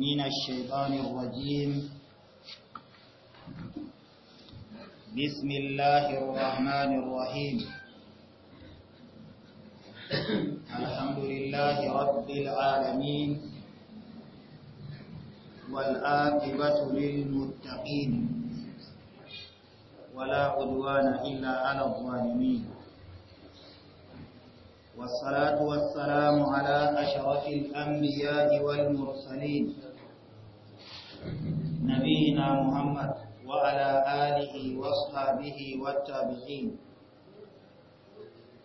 من الشيطان الرجيم بسم الله الرحمن الرحيم الحمد لله رب العالمين والآكبة للمتقين ولا عدوان إلا على الظالمين والصلاة والسلام على أشرف الأنبياء والمرسلين نبينا محمد وعلى آله وصحبه والتابعين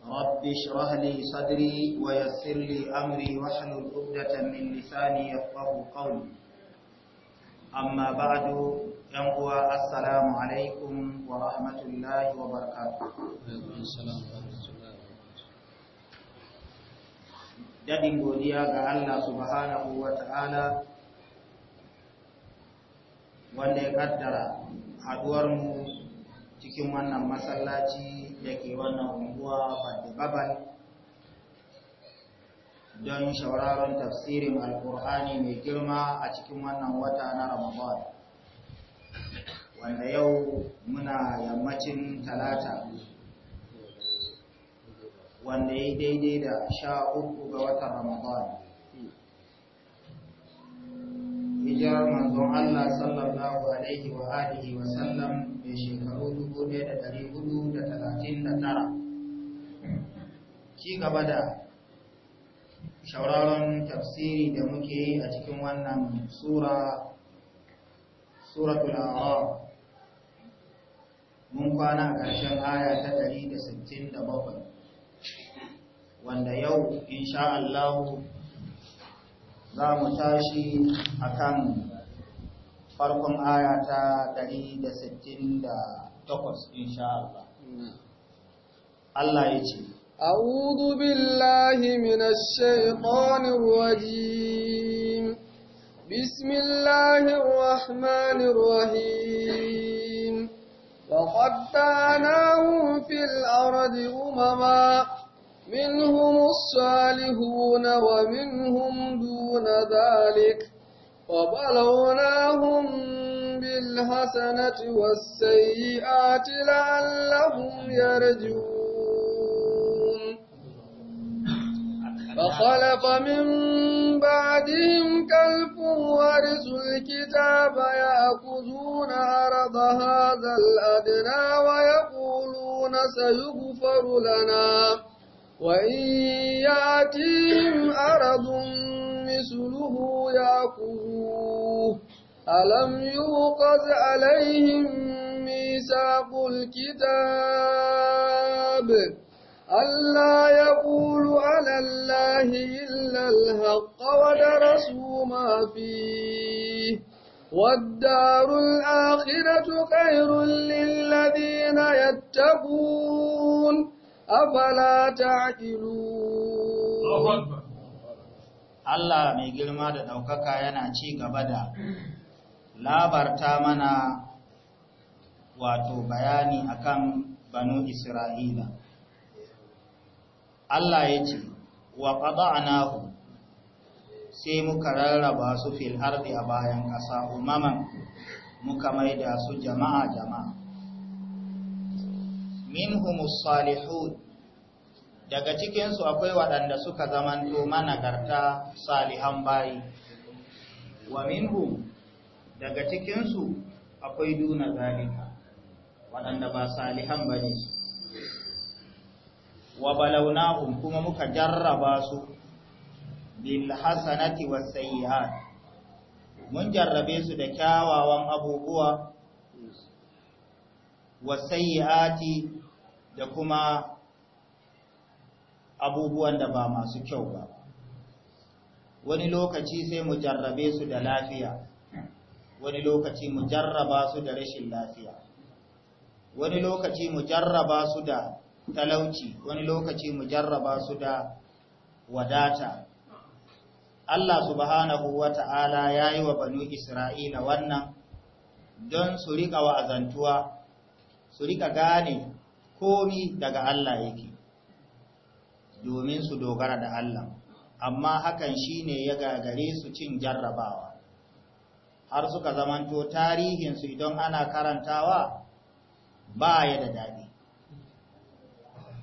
رب اشرح لي صدري ويسر لي أمري وحل الأبدة من لساني يفقه قولي أما بعد ينقوى السلام عليكم ورحمة الله وبركاته السلام ورحمة الله Dadin godiya ga Allah subhanahu wa ta'ala wanda ya kaddara mu cikin wannan masallaci da ke wannan unguwa babal don shawararren tafsirin alkur'ani mai girma a cikin wannan wata na ramadan wanda yau muna yammacin talata wanda ya daidai da sha uku ga watan ramadan hijirar manzon Allah sallallahu alaihi wa alihi wa sallam da shekaru 1439 ci gaba da shauraron tafsiri da muke yi a cikin wannan sura sura tulawa mun kwana ƙarshen aya ta da 167 wanda yau insha Allah za mu tashi a kan farkon ayata 168 insha Allah. Allah ya ce, A'udhu billahi minash shaitanir rajim rahmanir rahim Wa qad fil ardi umama منهم الصالحون ومنهم دون ذلك وبلوناهم بالحسنة والسيئات لعلهم يرجون فخلف من بعدهم كلف ورث الكتاب يأخذون عرض هذا الأدنى ويقولون سيغفر لنا وإن يأتيهم أرض مثله يأكلوه ألم يوقظ عليهم ميثاق الكتاب ألا يقول على الله إلا الحق ودرسوا ما فيه والدار الآخرة خير للذين يتقون أفلا ta'qilun Allah mai girma da ɗaukaka yana ci gaba da labarta mana wato bayani akan banu Isra'ila. Allah ya ce, Wa ƙada'anahu sai muka rarraba su fil ardi a bayan ƙasa umaman muka maida su jama'a jama'a. minhumus salihun daga cikinsu akwai waɗanda suka zamanto managarta salihan bayi wa minhum daga cikinsu akwai duna zalika waɗanda ba salihan ba ne wa balawnahum kuma muka jarraba su bil hasanati was sayyi'at mun jarrabe su da kyawawan abubuwa was sayyi'ati da kuma abubuwan da ba masu kyau ba wani lokaci sai mu jarrabe su da lafiya wani lokaci mu jarraba su da rashin lafiya wani lokaci mu jarraba su da talauci wani lokaci mu jarraba su da wadata Allah subhanahu wa ta'ala ya yi wa banu Isra'ila wannan don su riƙa wa'azantuwa, su riƙa gane komi daga Allah yake domin su dogara da Allah amma hakan shine ya gagare su cin jarrabawa har suka zamanto tarihinsu idan ana karantawa ba ya da daɗi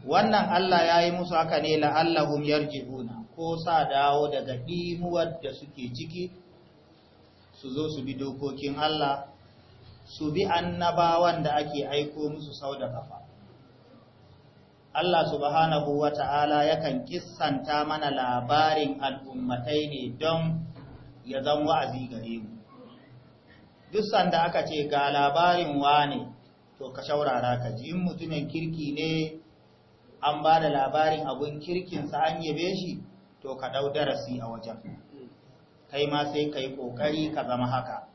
wannan Allah ya yi musu haka ne allahum yarji'una ko sa dawo daga ɗimuwar da suke ciki su zo su bi dokokin Allah su bi annabawan da ake aiko musu sau da kafa Allah subhanahu wa ta'ala yakan kissanta mana labarin al'ummatai ne don ya zan wa'azi gare mu. Duk sanda aka ce ga labarin wane, to ka shaurara ka ji mutumin kirki ne an ba da labarin abun kirkinsa an yabe shi, to ka ɗau darasi a wajen. Kai ma sai ka yi ƙoƙari ka zama haka.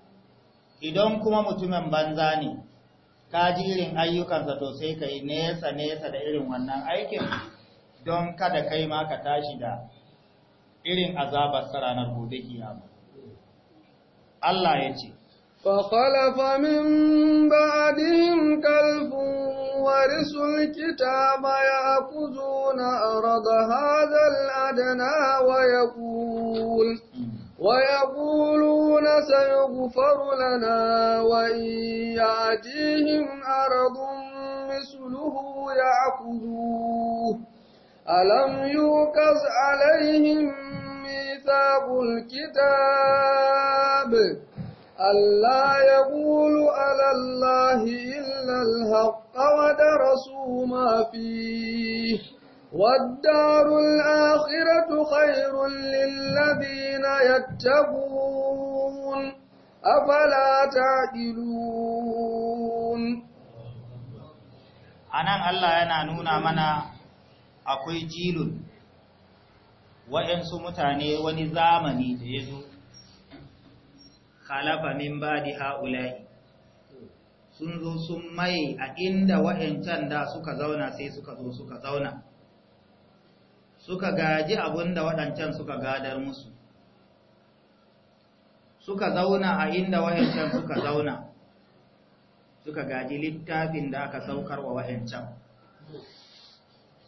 Idan kuma mutumin banza ne, ka ji irin ayyukansa to sai ka yi nesa nesa da irin wannan aikin don kada kai ma ka tashi da irin azabar ranar gobe kiyama Allah ya ce فخلف من بعدهم كلف ورثوا الكتاب يأخذون أرض هذا الأدنى ويقول ويقولون سيغفر لنا وإن يأتيهم أرض مثله يأخذوه ألم يوكز عليهم ميثاق الكتاب ألا يقول على الله إلا الحق ودرسوا ما فيه والدار الآخرة خير للذين يتقون أفلا تعقلون anan Allah yana nuna mana akwai jilun wa'yansu mutane wani zamani da ya zo khalafa min badi ha'ula'i sun zo sun maye a inda wa'yancan da suka zauna sai suka zo suka zauna suka gaji abun da waɗancan suka gadar musu suka zauna a inda wayancan suka zauna suka gaji littafin da aka saukar wa wayancan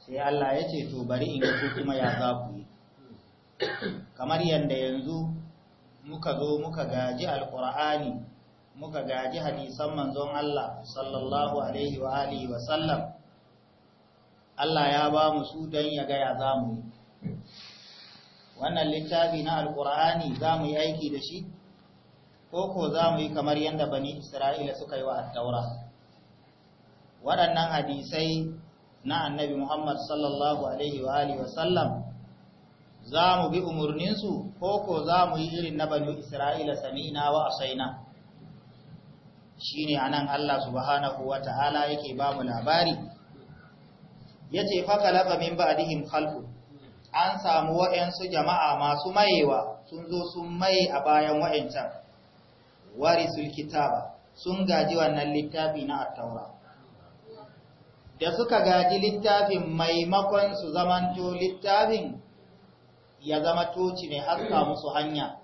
sai Allah ya ce to bari in ku kuma ya za ku yi kamar yadda yanzu muka zo muka gaji alkur'ani muka gaji hadisan manzon Allah sallallahu alaihi wa alihi wa sallam Allah ya ba mu su don ya gaya za mu yi wannan littafi na alkur'ani za mu yi aiki da shi ko ko za mu yi kamar yadda bani isra'ila suka yi wa waɗannan hadisai na annabi muhammad sallallahu alaihi wa alihi wasallam za mu bi umarninsu ko ko za mu yi irin na bani isra'ila sami'na wa asaina shine anan allah subhanahu wa ta'ala yake ba mu labari ya ce fakalaba min dihin khalqu an samu wa'yansu jama'a masu mayewa sun zo sun maye a bayan wa'yancan warisul kitaba sun gaji wannan littafi na attaura da suka gaji littafin maimakon su zamanto littafin ya zama toci mai haska musu hanya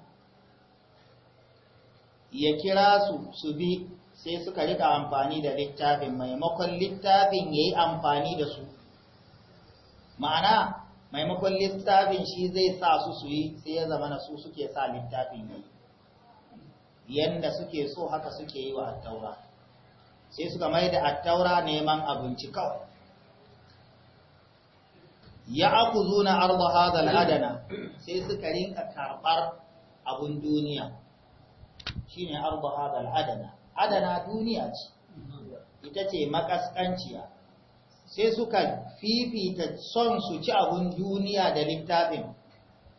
ya kira su su bi sai suka rika amfani da littafin maimakon littafin ya yi amfani da su ma'ana maimakon littafin shi zai sa su su yi sai ya zama na su suke sa littafin yi yanda suke so haka suke yi wa attaura sai suka mai da attaura neman abinci kawai ya aku zuna arba hazal adana sai suka rinka karɓar abin duniya shine arba hazal adana adana duniya ce ita ce makaskanciya sai suka fifita son su ci abun duniya da littafin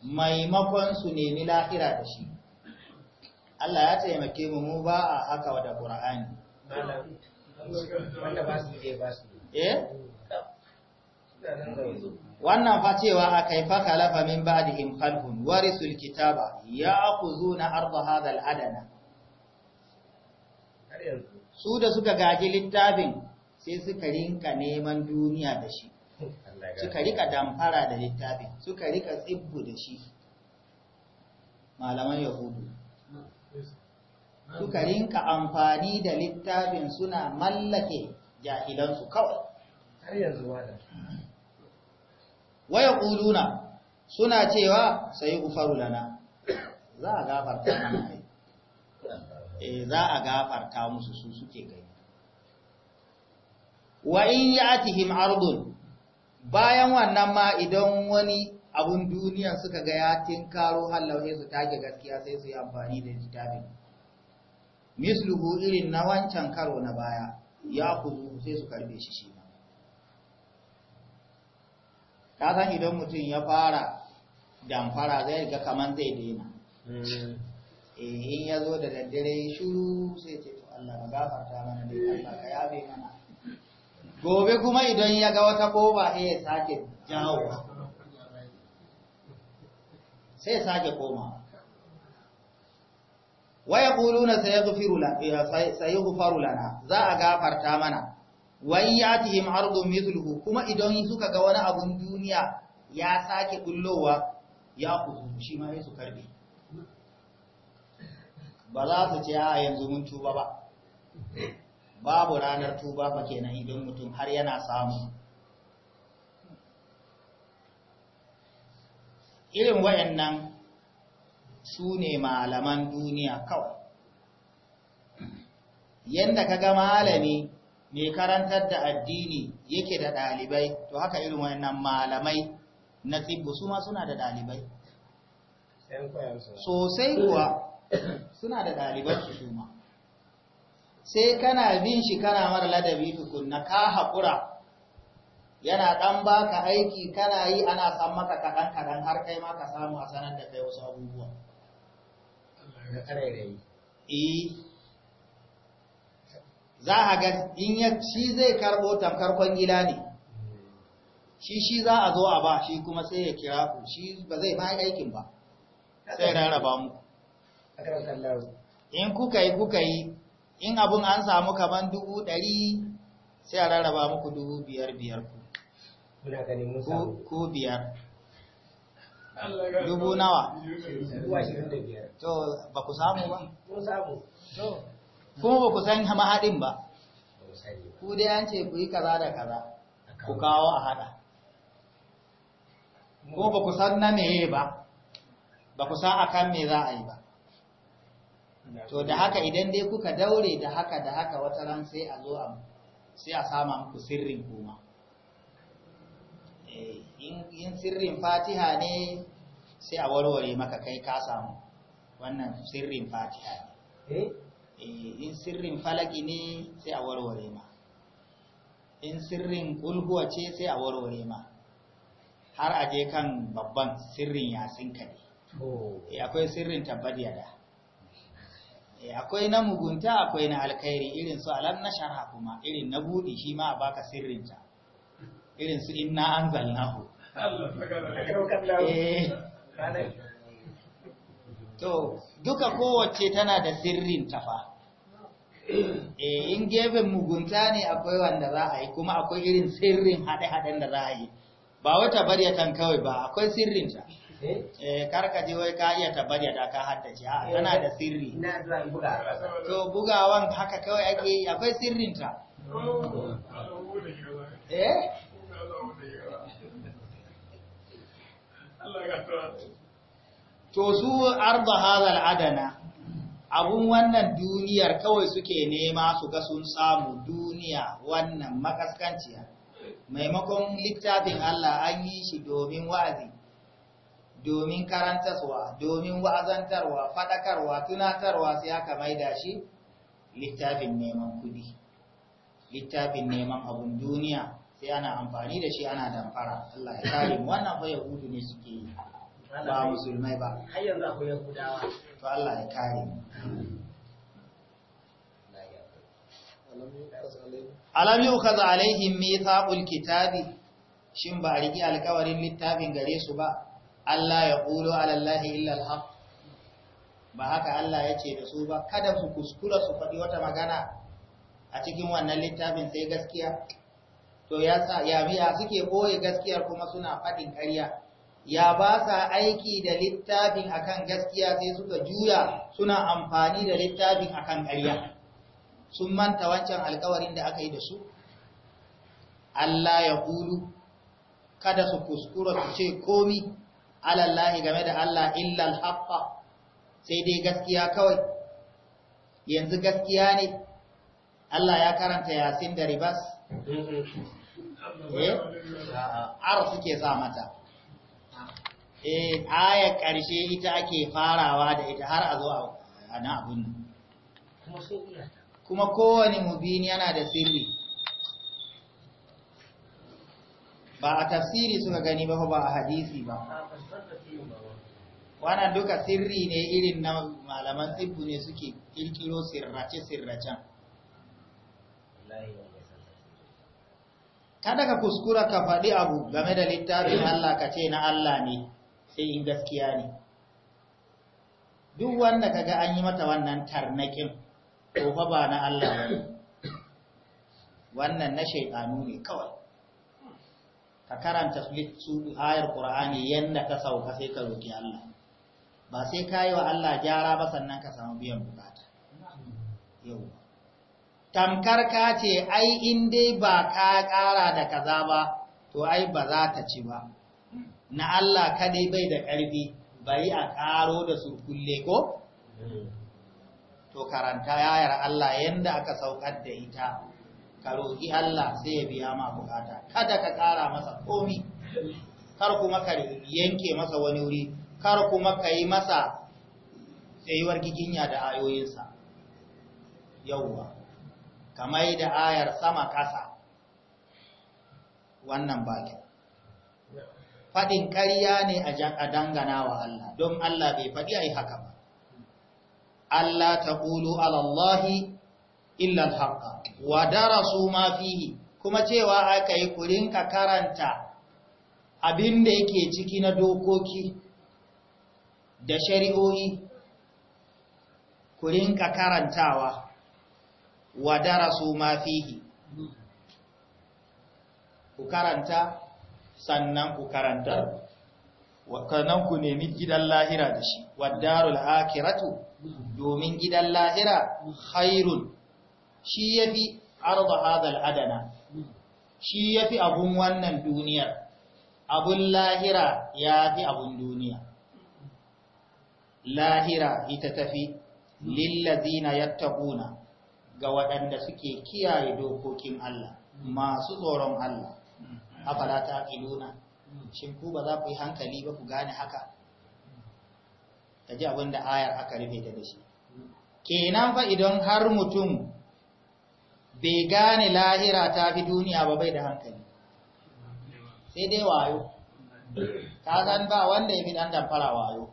maimakon su nemi lahira da shi Allah ya taimake mu mu ba a haka Qur'ani eh? wannan fa cewa akai fa khalafa min ba'dihim khalfun warisul kitaba ya'khuzuna arda hadha adana su da suka gaji littafin sai suka rinka neman duniya da shi suka rika damfara da littafin suka rika tsibbu da shi malaman yahudu suka rinka amfani da littafin suna mallake jahilansu kawai waya ƙuduna suna cewa sai ufaru lana eh, za a gafarta musu su suke gani wa in ya'tihim ardun bayan wannan ma idan wani abun duniya suka ga ya tinkaro hallauhe su take gaskiya sai su yi amfani da littafin misluhu irin na wancan karo na baya ya kuzu sai su karbe shi shi ka san idan mutum ya fara damfara zai ga kaman zai daina hmm. eh, in ya zo da daddare shuru sai ce to Allah na gafarta mana dai Allah ka yabe mana gobe kuma idan ya ga wata koba sai ya sake jawo sai ya sake koma ya kuluna sayughfaru eh, lana za a gafarta mana wai yatihim ardun mithluhu kuma idan suka ga wani abun duniya ya sake kullowa ya kuzu shi ma sai su karbe ba za su ce a yanzu mun tuba ba babu ranar tuba ba kenan idan mutum har yana samu irin wayannan su ne malaman duniya kawai yadda ka ga malami mai karantar da addini yake da ɗalibai to haka irin wayannan malamai na tsibbu su ma suna da ɗalibai sosai kuwa suna da ɗalibai su ma sai kana bin shi kana mara ladabi tukunna ka haƙura yana ɗan baka aiki kana yi ana san maka kaɗan kaɗan har kai ma ka samu a sanar da kai wasu abubuwa. Eh. Za a ga in ya shi zai karɓo tamkar gida ne, shi shi za a zo a ba shi kuma sai ya kira ku shi ba zai ma aikin ba, sai rarraba muku. In kuka yi kuka yi in abun an samu kaman dubu ɗari sai a rarraba muku dubu biyar biyar ku biyar dubu nawa to ba ku samu ba kuma ba ku san mahaɗin ba ku dai an ce ku yi kaza da kaza ku kawo a haɗa kuma ba ku san na meye ba ba ku san akan me za a yi ba to da haka idan dai kuka daure da haka da haka wata ran sai a zo a sai a sama muku sirrin kuma eh, in sirrin fatiha ne sai a warware maka kai ka samu wannan sirrin fatiha ne eh? Eh, in sirrin falaki ne sai a warware ma in sirrin kulhuwa ce sai a warware ma har a je kan babban sirrin ka ne oh. akwai sirrin da Eh, akwai na mugunta akwai na alkhairi irin su alam na sharha kuma irin na budi shi ma a baka sirrinta irin su inna anzalnahu eh. to duka kowace tana da sirrin tafa eh in gefen mugunta ne akwai wanda za a yi kuma akwai irin sirrin haɗe haden da za a yi ba wata kan kawai ba akwai sirrinta eh, eh karka je wai ka iya tabbata da ka haddace a eh. tana da sirri ina zuwa buga to bugawan haka kawai ake akwai sirrin ta eh to su arda hadal adana abun wannan duniyar kawai suke nema su ga sun samu duniya wannan makaskanciya maimakon littafin Allah an yi shi domin wa'azi domin karantaswa domin wa'azantarwa faɗakarwa tunatarwa sai aka maida shi littafin neman kudi littafin neman abun duniya sai ana amfani da shi ana damfara Allah ya kare mu wannan fa yahudu ne suke yi ba musulmai ba har yanzu akwai yahudawa to Allah ya kare mu alam yukhaz alaihim mithaqul kitabi shin ba a riki alkawarin littafin gare su ba Allah ya ƙulo alallahi illal haq ba haka Allah ya ce da su ba kada su kuskura su faɗi wata magana a cikin wannan littafin sai gaskiya to ya sa ya biya suke boye gaskiyar kuma suna faɗin ƙarya ya ba sa aiki da littafin akan gaskiya sai suka juya suna amfani da littafin akan ƙarya sun manta wancan alƙawarin da aka yi da su Allah ya ƙulu kada su kuskura su ce komi alallahi game da Allah illal haqqa sai dai gaskiya kawai yanzu gaskiya ne Allah ya karanta yasin da ribas eh ar suke sa mata eh aya karshe ita ake farawa da ita har a zo a na abun kuma kowane mubini yana da sirri ba a tafsiri suka gani ba ba a hadisi ba wannan duka sirri ne irin na malaman tsibbu ne suke kirkiro sirrace-sirracen kada ka kuskura ka faɗi abu game da littafin Allah ka ce na Allah ne sai in gaskiya ne duk wanda kaga an yi mata wannan tarnakin ko fa ba na Allah ne wannan na shaitanu ne kawai ka karanta su ayar qur'ani yanda ka sauka sai ka roki Allah ba sai ka yi wa Allah gyara ba sannan ka samu biyan bukata yau tamkar ka ce ai in dai ba ka ƙara da kaza ba to ai ba za ta ci ba na Allah kadai bai da ƙarfi bari a ƙaro da kulle ko hmm. to karanta yayar Allah yanda aka saukar da ita ka roƙi Allah sai ya biya ma bukata kada ka ƙara masa komi kar kuma ka yanke masa wani wuri kar kuma ka yi masa tsayuwar giginya da ayoyinsa yauwa kamar da ayar sama ƙasa wannan baki faɗin ƙarya ne a dangana wa Allah don Allah bai faɗi a yi haka ba Allah ta ƙulu alallahi al haqqa wa darasu ma fihi kuma cewa aka yi ku rinka karanta abin da yake ciki na dokoki da shari'o'i ku rinka karantawa wa darasu ma fihi ku karanta sannan ku karanta wakannan ku nemi gidan lahira da shi wadarul akiratu domin gidan lahira khairun shi ya fi arba hadal adana shi ya fi abun wannan duniyar abun lahira ya fi abun duniya lahira ita tafi lillazina yattaquna ga waɗanda suke kiyaye dokokin Allah masu tsoron Allah afala taqiluna shin ku ba za ku yi hankali ba ku gane haka ji abin da ayar aka rufe ta da shi kenan fa idan har mutum bai gane lahira ta fi duniya ba bai da hankali sai dai wayo ta zan ba wanda ya fi dan damfara wayo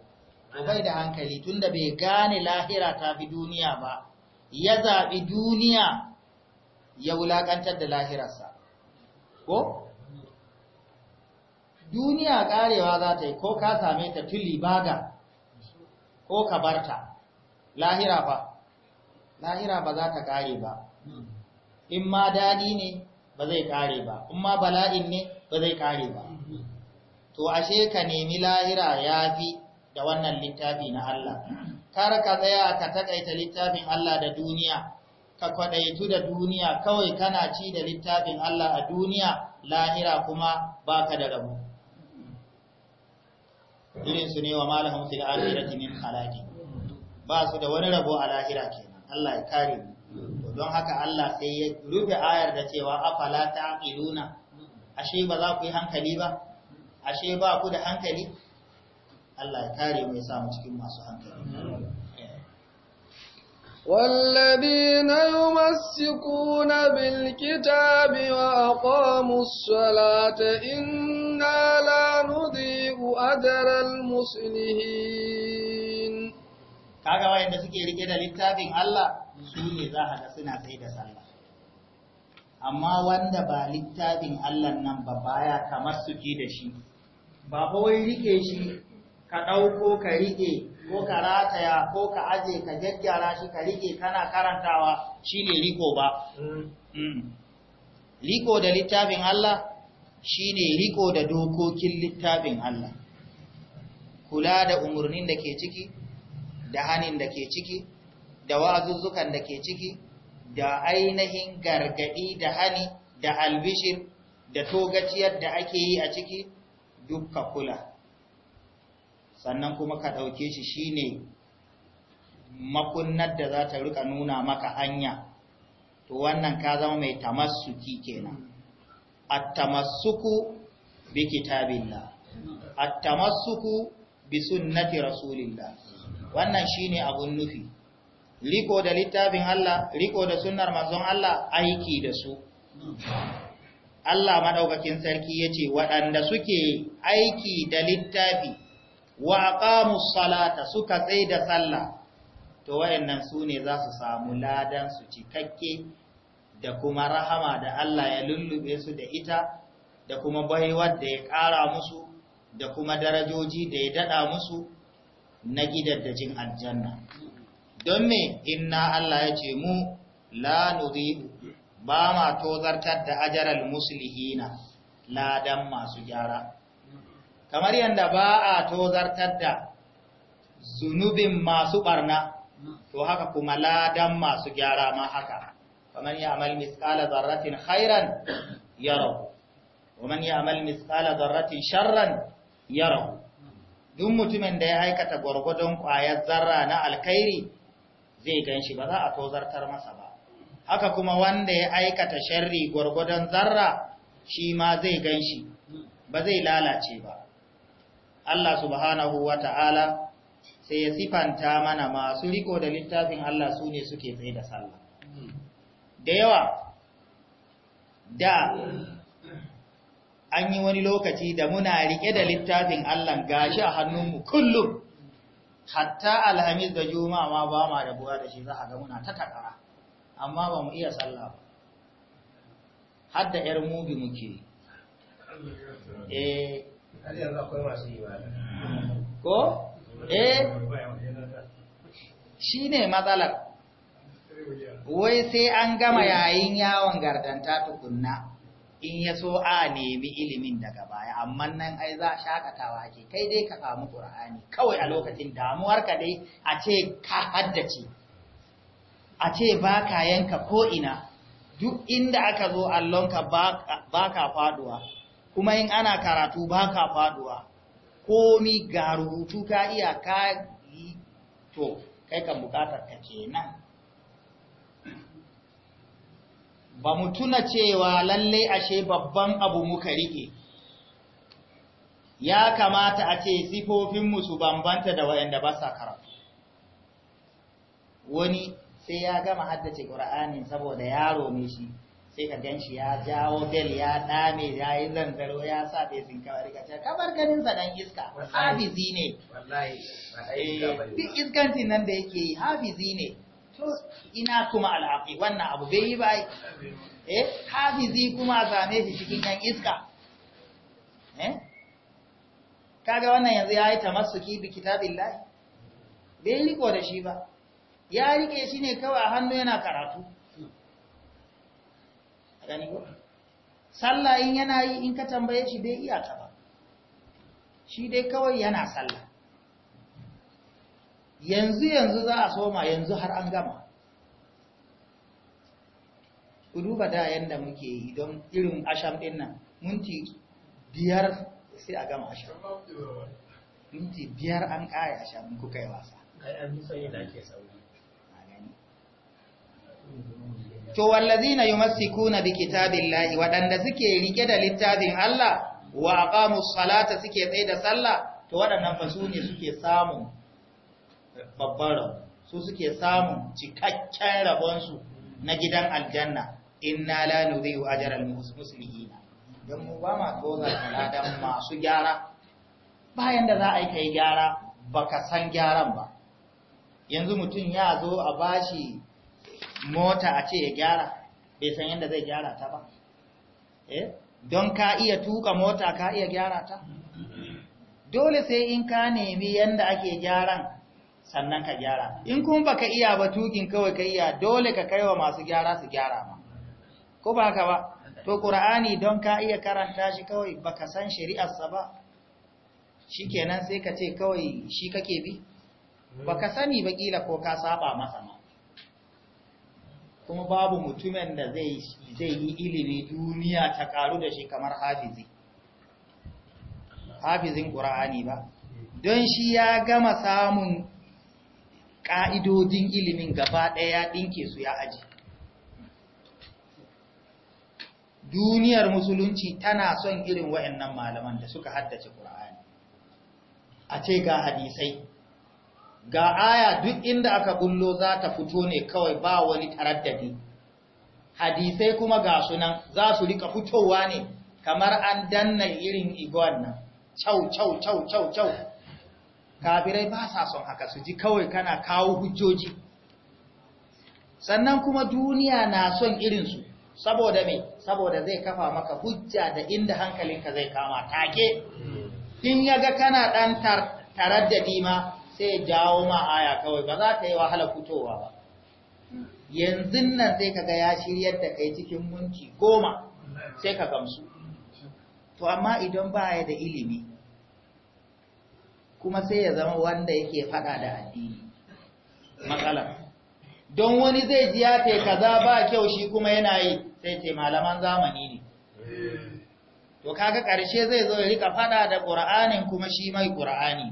Ba bai da hankali tunda bai gane lahira ta fi duniya ba ya zaɓi duniya ya wulaƙantar da lahirarsa ko duniya ƙarewa za ta yi ko ka same ta fili baga ko ka barta lahira ba lahira ba za ta ƙare ba in ma daɗi ne ba zai ƙare ba in ma bala'in ne ba zai ƙare ba to ashe ka nemi lahira ya fi da wannan littafi na Allah kar ka tsaya ka takaita littafin Allah da duniya ka kwadaitu da duniya kawai kana ci da littafin Allah a duniya lahira kuma baka da rabu irin su ne wa malahum fil akhirati min khalaqi ba su da wani rabo a lahira kenan Allah ya kare mu don haka Allah sai ya rufe ayar da cewa afala iluna. ashe ba za ku yi hankali ba ashe ba ku da hankali Allah ya kare mu ya samu cikin masu hankali والذين يمسكون بالكتاب وأقاموا الصلاة إنا لا نضيء أجر المسلحين kaga wayanda suke rike da littafin Allah su ne za ga suna sai da sallah amma wanda ba littafin Allah nan ba baya kamar suke da shi ba wai rike shi ka ɗauko ka rike ko ka rataya ko ka aje ka jajjara shi ka rike kana karantawa shi ne riko ba mm. riko da littafin Allah shi ne riko da dokokin littafin Allah kula da umarnin da ke ciki da hanin da ke ciki da wazuzzukan da ke ciki da ainihin gargadi da hani da albishin, da togaciyar da ake yi a ciki dukka kula sannan kuma ka ɗauke shi shine makunnar da za ta rika nuna maka hanya to wannan ka zama mai tamassuki kenan at-tamassuku bi kitabillah at-tamassuku bi sunnati rasulillah wannan shine abun nufi riko da littafin Allah riko da sunnar manzon Allah aiki da su Allah madaukakin sarki yace waɗanda suke aiki da littafi wa aqamus salata suka tsaida sallah to wayannan sune za su samu ladan su cikakke da kuma rahama da Allah ya lullube su da ita da kuma baiwar da ya ƙara musu da kuma darajoji da ya dada musu na gidaddajin aljanna don me inna Allah ya ce mu la nudhi'u ba ma tozartar da ajaral muslihina ladan masu gyara kamar yadda ba a tozartar da zunubin masu barna to haka kuma ladan masu gyara ma haka kamar ya amal misqala zarratin khairan yarahu ومن يعمل مثقال ذرة شرا يره duk mutumin da ya aikata gwargwadon ƙwayar zarra na alkhairi zai gan shi ba za a tozartar masa ba haka kuma wanda ya aikata sharri gwargwadon zarra shi ma zai gan shi ba zai lalace ba Allah subhanahu wa ta'ala sai ya sifanta mana masu riko da littafin Allah su ne suke tsaye da sallah da yawa da an yi wani lokaci da muna rike da littafin Allah gashi a hannunmu kullum hatta alhamis da juma'a ma ba ma rabuwa da shi za a ga muna ta takara amma ba mu iya sallah ba har da yar mubi muke eh ko eh shine matsalar wai sai an gama yayin yawon gardanta tukunna in ya so a nemi ilimin daga baya amma nan ai za shakatawa ake kai dai ka samu ƙur'ani. kawai a lokacin damuwar ka dai a ce ka haddace a ce ba ka yanka ko ina duk inda aka zo allonka ba ka faduwa kuma in ana karatu ba ka faduwa komi ga rubutu ka iya ka to kai ka bukatar ka kenan ba mu tuna cewa lalle ashe babban abu muka rike ya kamata a ce sifofinmu su bambanta da wayanda ba sa karatu wani sai ya gama haddace ƙura'anin saboda yaro ne shi sai ka gan shi ya jawo bel ya dame ya yi zanzaro ya sa fesin kawai rika ce kamar ganin sa dan iska hafizi ne eh, duk iskancin nan da yake yi hafizi ne to ina kuma al'aqi wannan abu bai yi ba ai eh hafizi kuma zane shi cikin yan iska eh? kaga wannan yanzu ya masu tamassuki bi kitabillahi bai riko da shi ba ya rike shi ne kawai a hannu yana karatu sallah in yana yi in ka tambaye shi bai iya ta ba shi dai kawai yana sallah yanzu yanzu za a soma yanzu har an gama ku duba da yanda muke yi don irin asham din nan minti biyar sai a gama asham minti biyar an kaya asham ku kai wasa to wallazina yumassikuna bikitabillahi wadanda suke rike da littafin Allah wa aqamu salata suke tsaye da sallah to wadannan fa sune suke samun babban rabu su suke samun cikakken rabonsu na gidan aljanna inna la nudhi'u ajra al muslimina dan mu ba ma toza ladan masu gyara bayan da za a yi kai gyara baka san gyaran ba yanzu mutum ya zo a bashi mota a ce ya gyara bai san yadda zai gyara ta ba eh don ka iya tuka mota ka iya gyara ta mm-hmm. dole sai in ka nemi yadda ake gyaran sannan ka gyara in kuma ka iya ba tukin kawai ka iya dole ka kaiwa masu gyara su gyara ma ko ba ka ba to qur'ani don ka iya karanta shi kawai ba ka san shari'arsa ba shikenan sai ka ce kawai shi kake bi Ba ka sani ba kila ko ka saba masa ma kuma babu mutumin da zai yi ilimi duniya ta karu da shi kamar hafizi hafizin ƙura'ani ba don shi ya gama samun ƙa'idodin ilimin gaba ɗaya ɗinke su ya aji. Duniyar Musulunci tana son irin wa'yannan malaman da suka haddace Ƙura'ani, a ce ga hadisai, ga aya duk inda aka bullo za ta fito ne kawai ba wani taraddadi. Hadisai kuma ga sunan za su rika fitowa ne kamar an danna irin igon nan, cau, cau, cau, cau, cau. kafirai ba sa son haka su ji kawai kana kawo hujjoji sannan kuma duniya na son irinsu saboda me saboda zai kafa maka hujja da inda hankalinka zai kama take in ya ga kana ɗan taraddadi ma sai jawo ma aya kawai ba za ta yi wahala fitowa ba yanzu nan sai ka ga ya shiryar da kai cikin munci goma sai ka gamsu to amma idan ba da ilimi kuma sai ya zama wanda yake faɗa da addini matsalar don wani zai ji ya ce kaza ba kyau shi kuma yana yi sai ce malaman zamani ne to kaga karshe zai zo ya rika faɗa da qur'anin kuma shi mai qur'ani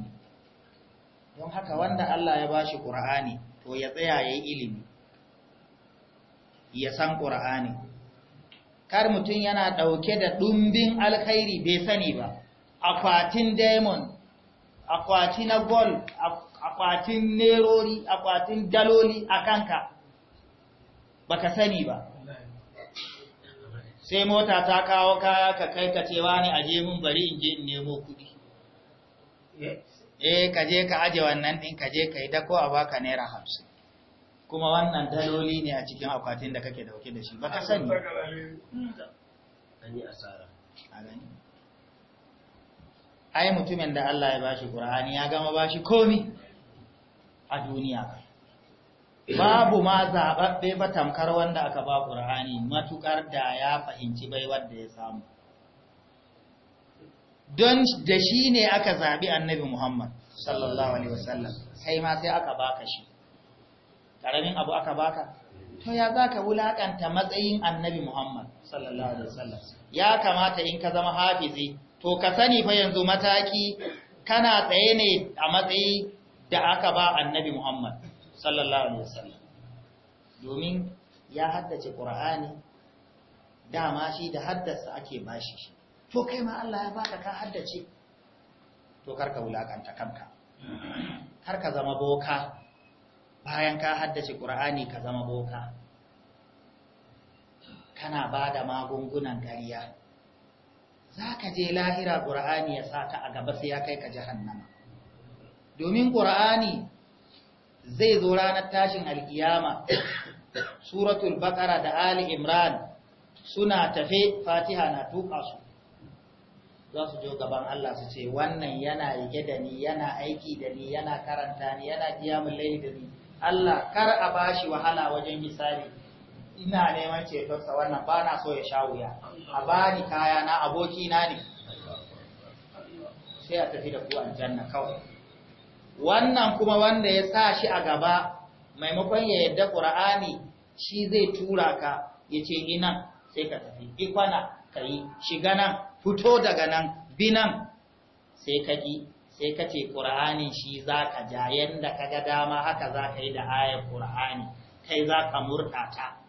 don haka wanda Allah ya bashi qur'ani to ya tsaya yayi ilimi ya san qur'ani kar mutum yana ɗauke da ɗumbin alkhairi bai sani ba akwatin diamond akwati na gol akwatin nerori akwatin daloli a kanka baka sani ba sai mota ta kawo kaya ka kai ka cewa ne aje mun bari in je in nemo kuɗi eh ka je ka aje wannan ɗin ka je ka yi dako a baka naira hamsin kuma wannan daloli ne a cikin akwatin da kake dauke da shi baka sani an asara ai mutumin da Allah ya bashi Qur'ani ya gama bashi komi a duniya babu ma zababbe ba tamkar wanda aka ba Qur'ani matukar da ya fahimci bai wanda ya samu don da shi ne aka zaɓi annabi Muhammad sallallahu alaihi wasallam sai ma sai aka baka shi ƙaramin abu aka baka to ya za ka wulaƙanta matsayin annabi Muhammad sallallahu alaihi wasallam ya kamata in ka zama hafizi to ka sani fa yanzu mataki kana tsaye ne a matsayi da aka ba annabi Muhammad sallallahu alaihi wasallam domin ya haddace Qur'ani dama shi da haddasa ake bashi shi to kai ma Allah ya baka ka haddace to karka wulakanta kanka karka zama boka bayan ka haddace Qur'ani ka zama boka kana bada magungunan kariya za ka je lahira ƙura'ani ya sa ka a gaba sai ya kai ka jahannama domin ƙura'ani zai zo ranar tashin alkiyama suratul Bakara da ali imran suna tafe fatiha na tuƙa su za su jo gaban Allah su ce wannan yana rike da ni yana aiki da ni yana karanta ni yana kiyamun laili da ni Allah kar a bashi wahala wajen misali ina neman cetonsa wannan ba na so ya sha wuya a bani kaya na abokina ne sai a tafi da ku aljanna kawai wannan kuma wanda ya sa shi a gaba maimakon ya yadda ƙura'ani shi zai tura ka ya ce ina sai ka tafi ikwana ka yi shiga nan fito daga nan binan sai ka ƙi sai ka ce ƙura'anin shi za ka ja yadda ka ga dama haka za ka yi da ayar ƙura'ani kai za ka murtata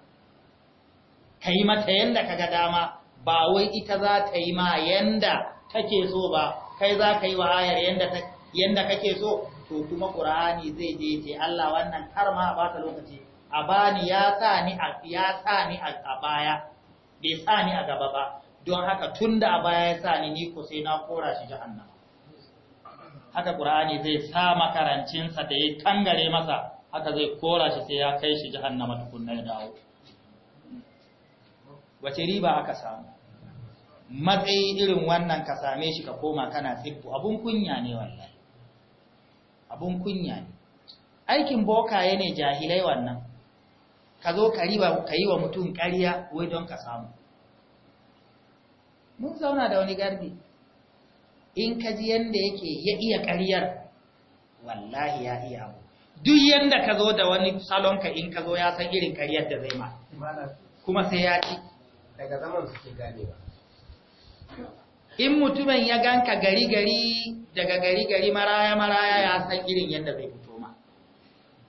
ka yi mata yanda ka ga dama ba wai ita za ta yi ma yanda take so ba kai za ka yi wa ayar yanda yanda kake so to kuma ƙur'ani zai je ce Allah wannan har ma ba ta lokaci a bani ya sa ni a ya sa ni a baya bai sa ni a gaba ba don haka tunda a baya ya sa ni ni ko sai na kora shi jahannam haka qur'ani zai sa makarancinsa da ya kangare masa haka zai kora shi sai ya kai shi jahannama tukunna ya dawo wace riba aka samu matsayi irin wannan ka same shi ka koma kana tsibbu abun kunya ne wannan abun kunya ne aikin boka yana jahilai wannan ka zo ka riba ka yi wa mutum ƙarya wai don ka samu mun zauna da wani gardi in ka ji yanda yake ya iya ƙaryar wallahi ya iya abu duk yanda ka zo da wani salonka in ka zo ya san irin ƙaryar da zai ma kuma sai ya ci daga zaman suke ganewa in mutumin ya ganka gari gari daga gari gari maraya maraya ya san irin yadda zai fito ma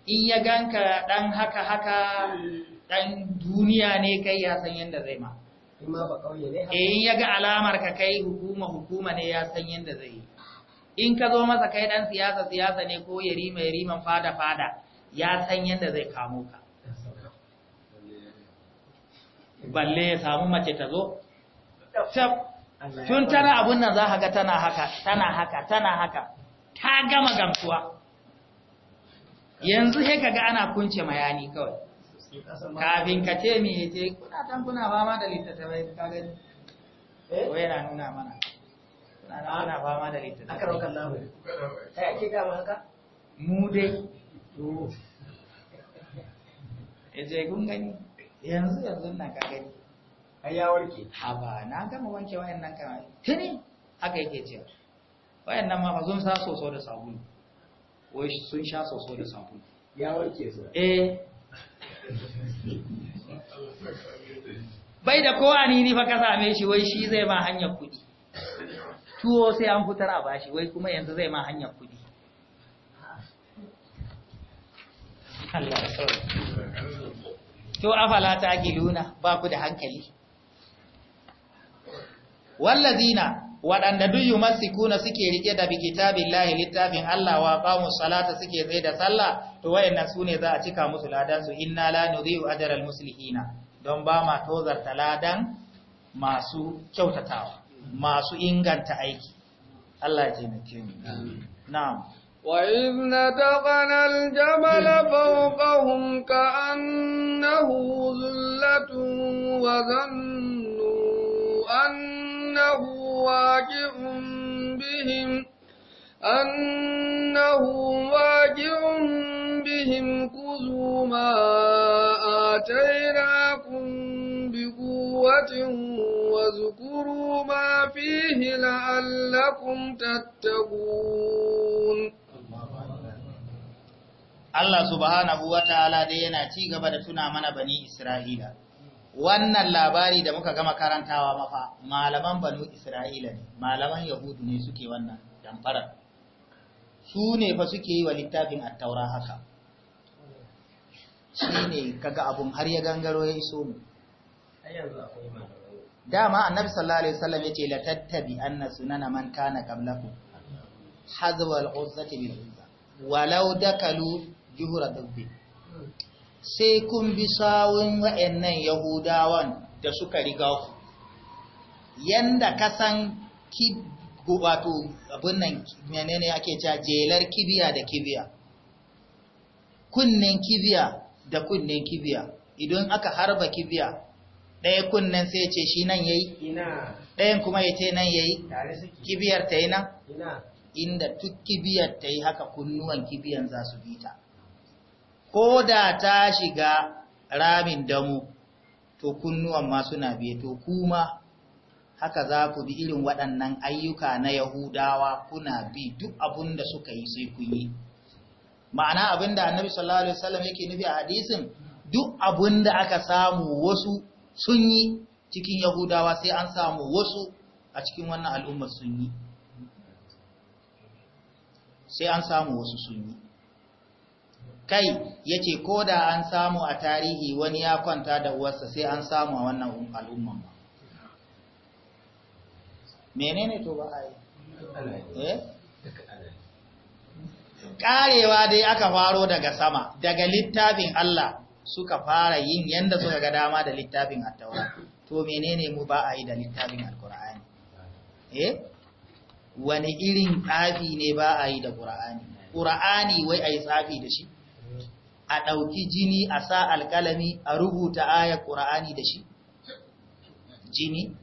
in ya ganka dan haka haka dan duniya ne kai ya san yadda zai ma eh, in ya ga alamar ka kai hukuma hukuma ne ya san yadda zai yi in ka zo masa kai dan siyasa siyasa ne ko yarima yariman fada fada ya san yadda zai kamo ka balle ya samu mace ta zo tun tana abun nan za ga tana haka tana haka tana haka ta gama gamsuwa yanzu ka kaga ana kunce mayani kawai kafin ka ce me yace kuna tan kuna ba ma da littattafai ka gani eh yana nuna mana ana ma da littattafai aka rokan lahu sai ake ga haka mu dai to oh. kun gani yanzu yanzu nan ka gani ai ya warke haba na gama wanke wayannan kan tuni haka yake cewa wayannan ma bazun sa soso da sabulu wai sun sha soso da sabulu ya warke su eh bai da ko ni fa ka same shi wai shi zai ma hanyar kudi tuwo sai an fitar a bashi wai kuma yanzu zai ma hanyar kudi Allah ya to afala ta giluna ba ku da hankali wallazina waɗanda duk yi masikuna suke rike da bi kitabin lahi littafin Allah wa ƙamun salata suke zai da sallah to wayanna su ne za a cika musu ladansu inna la nudhi'u ajral muslihina don ba ma tozarta ladan masu kyautatawa masu inganta aiki Allah ya taimake mu na'am وإذ نتقنا الجبل فوقهم كأنه ذلة وظنوا أنه واجع بهم أنه واجع بهم خذوا ما آتيناكم بقوة واذكروا ما فيه لعلكم تتقون Allah subhanahu wa ta'ala dai yana ci gaba da tuna mana bani Isra'ila. Wannan labari da muka gama karantawa mafa, malaman banu Isra'ila ne, malaman Yahudu ne suke wannan damfarar. Su ne fa suke yi wa littafin attaura haka. Shi ne kaga abun har ya gangaro ya iso mu. Dama annabi sallallahu Alaihi wasallam yace la tattabi anna na sunana man kana kablaku, hazwal uzzati bil uzza, walau dakalu juhura dabbi sai kun bi sawun wa'annan yahudawan da suka riga ku yanda ka san ki wato abin nan menene ake cewa jelar kibiya da kibiya kunnen kibiya da kunnen kibiya idan aka harba kibiya ɗaya kunnen sai ce shi nan yayi ɗayan kuma ya ce nan yayi kibiyar ta yi nan inda duk kibiyar ta yi haka kunnuwan kibiyan za su bi ta ko da ta shiga ramin damu to kunnuwan ma suna biye to kuma haka za ku bi irin waɗannan ayyuka na yahudawa kuna bi duk abun da suka yi sai kun yi ma'ana abin da annabi sallallahu alaihi wasallam yake nufi a hadisin duk abun da aka samu wasu sun yi cikin yahudawa sai an samu wasu a cikin wannan al'ummar sun yi sai an samu wasu sun yi kai ya ce ko da an samu a tarihi wani ya kwanta da uwarsa sai an samu a wannan um-, al'umman ba menene to ba a yi eh? karewa dai aka faro daga sama daga littafin Allah suka fara yin yadda suka ga dama da littafin attawa to menene mu ba a yi da littafin alkur'ani eh? wani irin tsafi ne ba a yi da ƙura'ani ƙura'ani wai a yi tsafi da shi a ɗauki jini a sa alƙalami a rubuta ayar ƙura'ani da shi? Jini?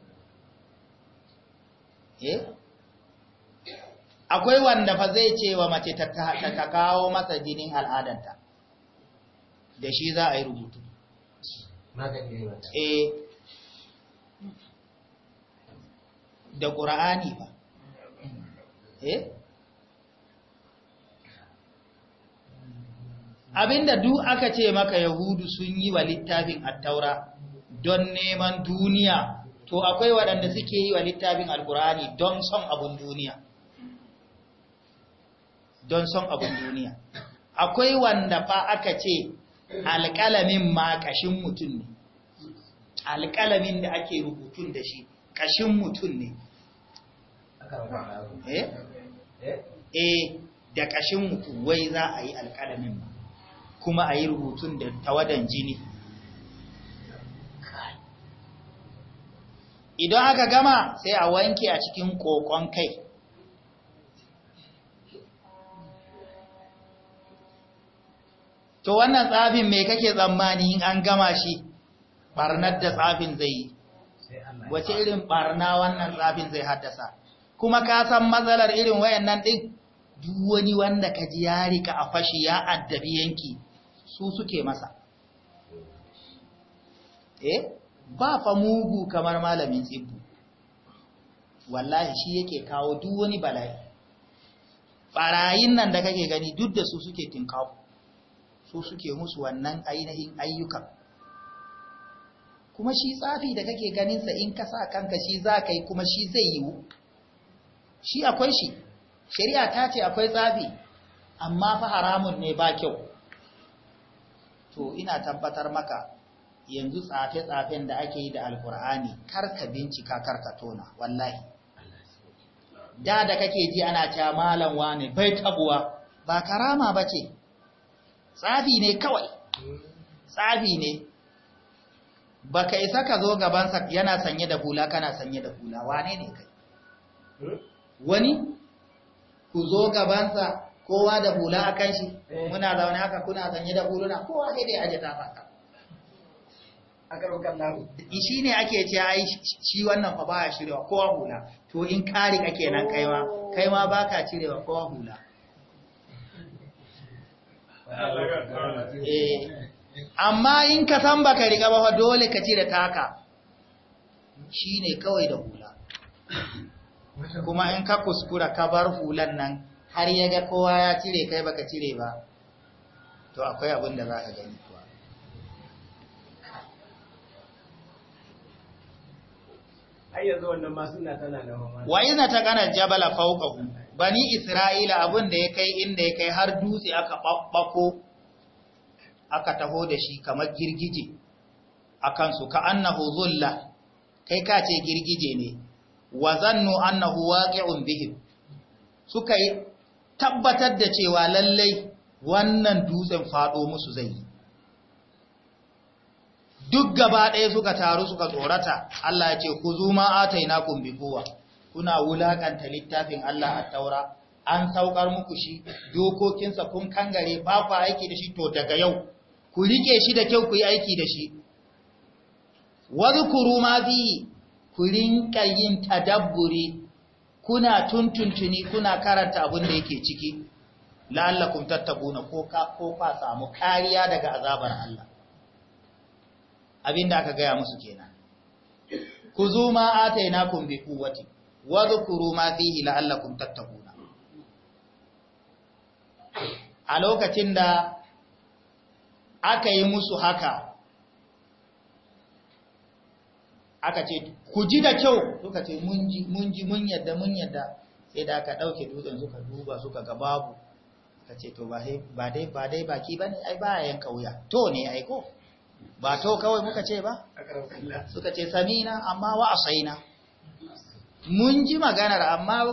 Eh? Akwai wanda fa zai ce wa mace ta kawo masa jinin al'adanta, da shi za a yi rubutu. Eh, da ƙura'ani ba. Eh? abinda duk aka ce maka yahudu sun yi wa littafin attaura don neman duniya to akwai waɗanda suke yi wa littafin alkur'ani don son abun duniya don son abun duniya akwai wanda fa aka ce alƙalamin ma ƙashin mutum ne alƙalamin da ake rubutun da shi ƙashin mutum ne eh, eh da ƙashin mutum wai za a yi alƙalamin ma kuma a yi rubutun da tawadan jini idan aka gama sai a wanke a cikin kokon kai to wannan tsafin mai kake tsammani in an gama shi barnar da tsafin zai yi wace irin barna wannan tsafin zai haddasa kuma ka san matsalar irin wayannan din duk wani wanda ka ji ya rika a fashi ya addabi yanki su suke masa eh ba fa mugu kamar malamin tsibbu wallahi shi yake kawo duk wani bala'i barayin nan da kake gani duk da su suke tinkawo su suke musu wannan ainihin ayyukan kuma shi tsafi da kake ganinsa in ka sa kanka shi za ka yi kuma shi zai yiwu shi akwai shi shari'a ta ce akwai tsafi amma fa haramun ne ba kyau to ina tabbatar maka yanzu tsafe-tsafen da ake yi da alkur'ani karka bincika karka tona wallahi da da kake ji ana ta malam wane bai tabuwa ba karama ba ce tsafi ne kawai tsafi ne ba ka isa ka zo gabansa yana sanye da hula kana sanye da hula wane ne kai hmm? wani ku zo gabansa kowa da hula a kan shi eh. muna zaune haka kuna sanye da huluna kowa sai dai aje ta saka shi ne ake ce ai shi wannan fa baya shirewa kowa hula to in kari kake nan kaiwa kaiwa baka cirewa kowa hula eh. amma in ka san baka riga ba dole ka cire taka shine kawai da hula kuma in ka kuskura ka bar hulan nan har ya ga kowa ya cire kai baka cire ba to akwai abin da za ka gani kuwa wa iza ta gana jabala faukahu bani isra'ila abin da ya kai inda ya kai har dutse aka bako aka taho da shi kamar girgije akan su ka annahu zulla kai ka ce girgije ne wa zannu annahu waqi'un bihim suka yi tabbatar da cewa lallai wannan dutsen faɗo musu zai yi duk gaba ɗaya suka taru suka tsorata Allah ya ce ku zuma ataina kun bi kowa kuna wulakanta littafin Allah a taura an saukar muku shi dokokinsa kun kangare ba ku aiki da shi to daga yau ku rike shi da kyau ku yi aiki da shi wazkuru ma bi ku rinka yin tadabburi kuna tuntuntuni kuna karanta abin da yake ciki la'allakum tattabuna ko ka ko ka samu kariya daga azabar Allah abinda aka gaya musu kenan kuzu ma atainakum bi quwwati wa dhkuru ma fihi la'allakum tattabuna a lokacin da aka yi musu haka aka ce ku ji da kyau suka ce mun ji mun ji mun yadda mun yadda sai da aka dauke dutsen suka duba suka ga babu ka ce to ba dai ba dai baki bane ai ba yanka wuya to ne ai ko ba to kawai muka ce ba suka ce samina amma wa asaina mun ji maganar amma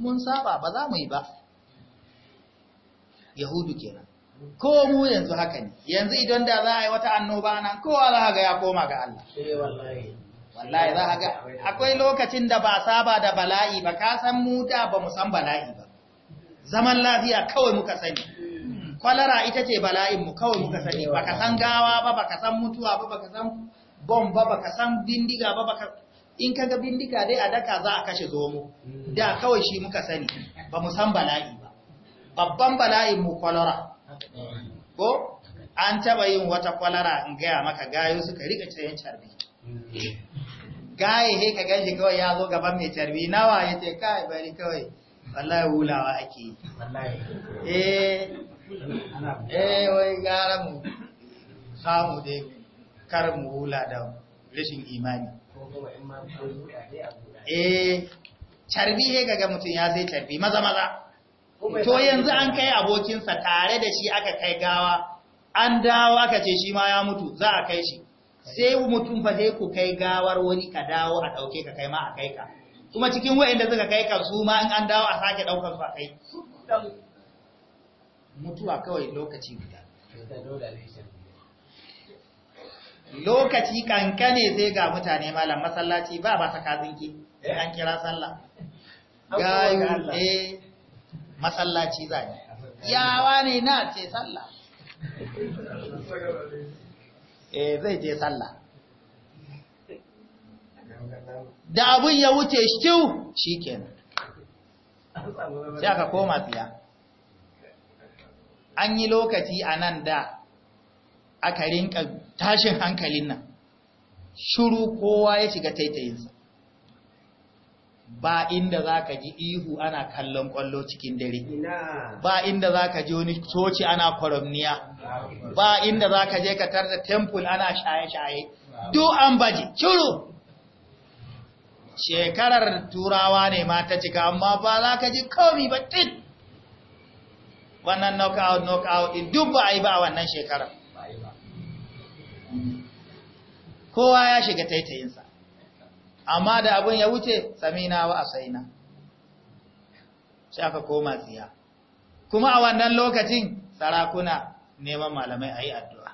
mun saba ba za mu yi ba yahudu kenan ko mu yanzu haka ne yanzu idan da za a yi wata annoba nan kowa za ga ya koma ga Allah eh, wallahi za a ga akwai lokacin da ba saba da bala'i ba ka san mu da ba mu san bala'i ba zaman lafiya kawai muka sani kwalara ita ce bala'in mu kawai muka sani baka san gawa ba baka san mutuwa ba baka san bom ba baka san bindiga ba baka in ga bindiga dai a daka za a kashe zomo da kawai shi muka sani ba mu san bala'i ba babban bala'in mu kwalara ko an taba yin wata kwalara in gaya maka gayo suka rika cayan carbi gaye he ka ganje kawai ya zo gaban mai carbi nawa ya ce kai bari kawai wallahi hulawa ake yi eh eh wai gara mu samu dai kar mu hula da rashin imani eh carbi he ga mutum ya sai carbi maza maza to yanzu an kai abokinsa tare da shi aka kai gawa an dawo aka ce shi ma ya mutu za a kai shi sai mutum fa sai ku kai gawar wani ka dawo a ɗauke ka kai ma a kai ka kuma cikin waanda suka kai ka su ma in an dawo a sake ɗaukar su a kai mutuwa kawai lokaci guda lokaci kankane sai ga mutane malam masallaci ba ba saka zinki an kira sallah ga eh masallaci zani yawa ne na ce sallah eh zai je sallah da abun ya wuce shiu shikenan sai aka koma biya. an yi lokaci a nan da aka rinka tashin hankalin nan shuru kowa ya shiga taitayinsa ba inda za ka ji ihu ana kallon kwallo cikin dare ba inda za ji wani coci ana kwaramniya ba inda za ka je ka tarda temple ana shaye-shaye duk an baji curu. shekarar turawa ne ma ta cika amma ba za ka ji komi ba tit wannan knockout knockout din duk ba a yi ba wannan shekarar kowa ya shiga taitayinsa amma da abin ya wuce samina wa asaina sai aka koma tsiya kuma a wannan lokacin sarakuna neman malamai a yi addu'a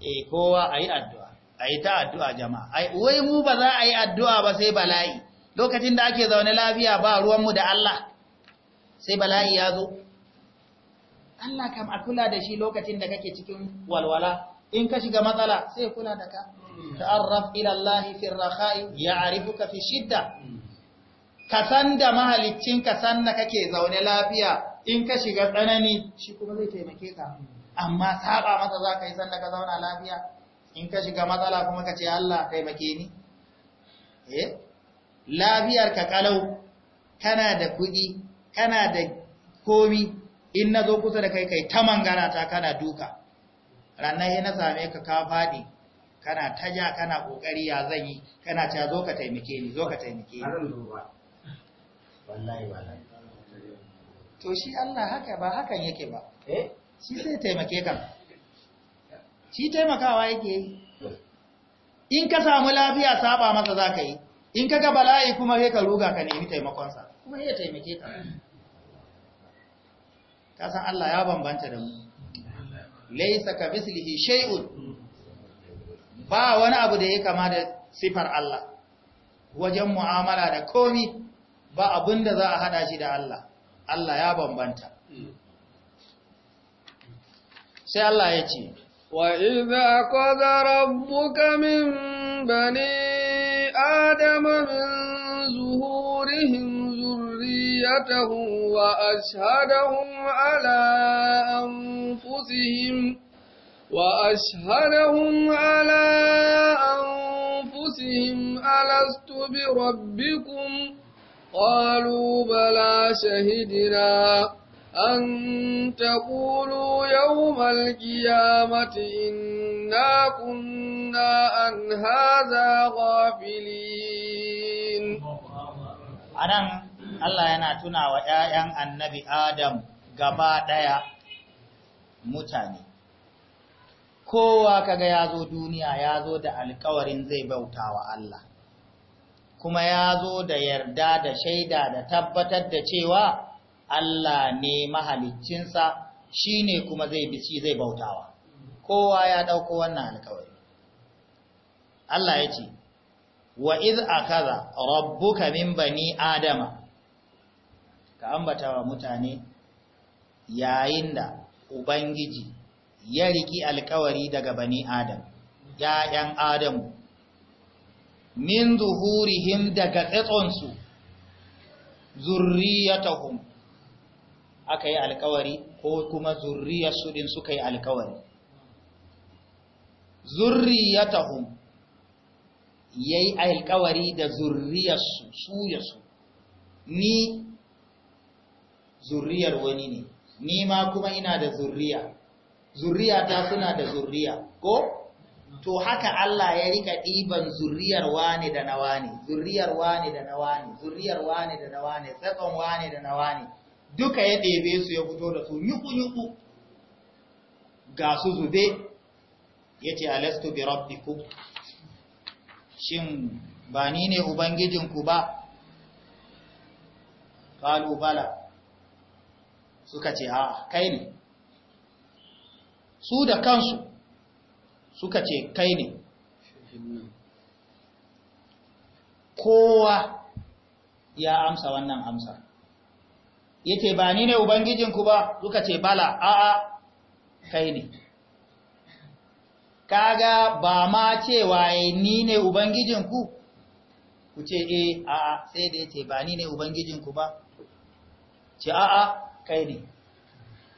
e kowa a yi addu'a a yi ta addu'a jama'a wai mu ba za a yi addu'a ba sai bala'i lokacin da ake zaune lafiya ba ruwanmu da Allah sai bala'i ya zo Allah kam a kula da shi lokacin da kake cikin walwala in ka shiga matsala sai kula da ka hmm. ta'arraf ila Allah fi arifu ka fi shidda hmm. ka san da mahaliccin ka san da kake zaune lafiya in ka shiga tsanani shi kuma zai taimake ka amma saba masa za ka yi sanda ka zauna lafiya in ka shiga matsala kuma ka ce Allah make ni eh lafiyar ka kalau kana da kuɗi kana da komi in na zo kusa da kai kai ta mangara ta kana duka ranar yi na same ka ka faɗi kana ta ja kana ƙoƙari ya zan yi kana ta zo ka taimake ni zo ka taimake ni to shi Allah haka ba hakan yake ba eh shi sai taimake ka shi taimakawa yake yi in ka samu lafiya saba masa za ka yi in ka ga bala'i kuma sai ka ruga ka nemi taimakonsa kuma ya taimake ka kasan Allah ya bambanta da mu laisa ka mislihi shay'un ba wani abu da ya kama da sifar Allah wajen mu'amala da komi ba abin da za a hada shi da Allah Allah ya bambanta sai Allah ya ce wa idza qada rabbuka min bani adama min zuhurihim zurriyatahum wa ashadahum ala anfusihim ala anfusihim alastu bi rabbikum qalu bala شهدنا أن تقولوا يوم القيامة إنا كنا عن هذا غافلين أنا Allah yana tunawa ‘ya'yan annabi Adam gaba ɗaya mutane, kowa kaga ya zo duniya ya zo da alkawarin zai bauta wa Allah, kuma ya zo da yarda da shaida da tabbatar da cewa Allah ne mahaliccinsa shi ne kuma zai shi zai bautawa kowa ya ɗauko wannan alkawari Allah ya ce wa iz akaza rabbuka min bani adama ka ambata wa mutane yayin da ubangiji ya riki alkawari daga bani adam ya'yan adamu min zuhurihim daga ya zurriyatahum aka yi alkawari ko kuma zurriyarsu su din suka yi alkawari zurriyatahum yayi alkawari da zurriyar su ya su ni zurriyar wani ne ni ma kuma ina da zurriya zurriya ta suna da zurriya ko to haka Allah ya rika ɗiban zurriyar wani da na wani zurriyar wani da na wani zurriyar wani da na wani tsakon wani da na wani duka ya ɗebe su ya fito da su yuku-yuku ga su zube ya ce alastu bi rabbiku shin ba ni ne ubangijinku ba Kalu bala suka ce a kai ne su da kansu suka ce kai ne kowa ya amsa wannan amsar yace ba ni ne ubangijinku ba suka ce bala a'a kai ne kaga ba ma cewa eh, ni ne ubangijinku ku ce eh a'a sai da yace ba ni ne ubangijinku ba ce a'a kai ne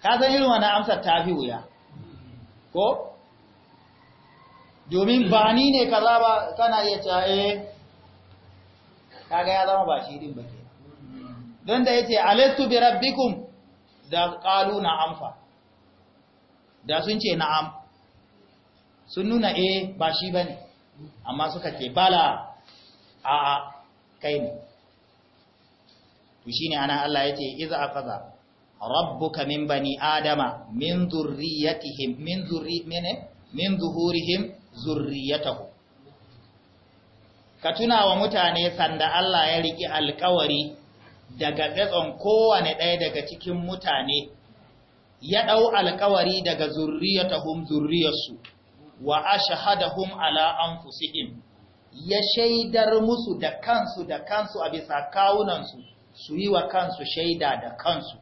ka san irin wannan amsar ta fi wuya ko domin ba ni ne kaza ba kana iya cewa eh kaga ya zama ba shi din ba ke don da yace alastu bi rabbikum da qalu na'am fa da sun ce na'am sun nuna eh ba shi bane amma suka ce bala a a kai ne to shine ana Allah yace iza aqaza rabbuka min bani adama min zurriyatihim min zurri mene min zuhurihim zurriyatahu ka tuna wa mutane sanda Allah ya riki alƙawari daga tsatson kowane ɗaya daga cikin mutane ya ɗau alkawari daga zurriyatahum zurriyarsu wa ashhadahum ala anfusihim ya shaidar musu da kansu da kansu a bisa kawunansu su yi wa kansu shaida da kansu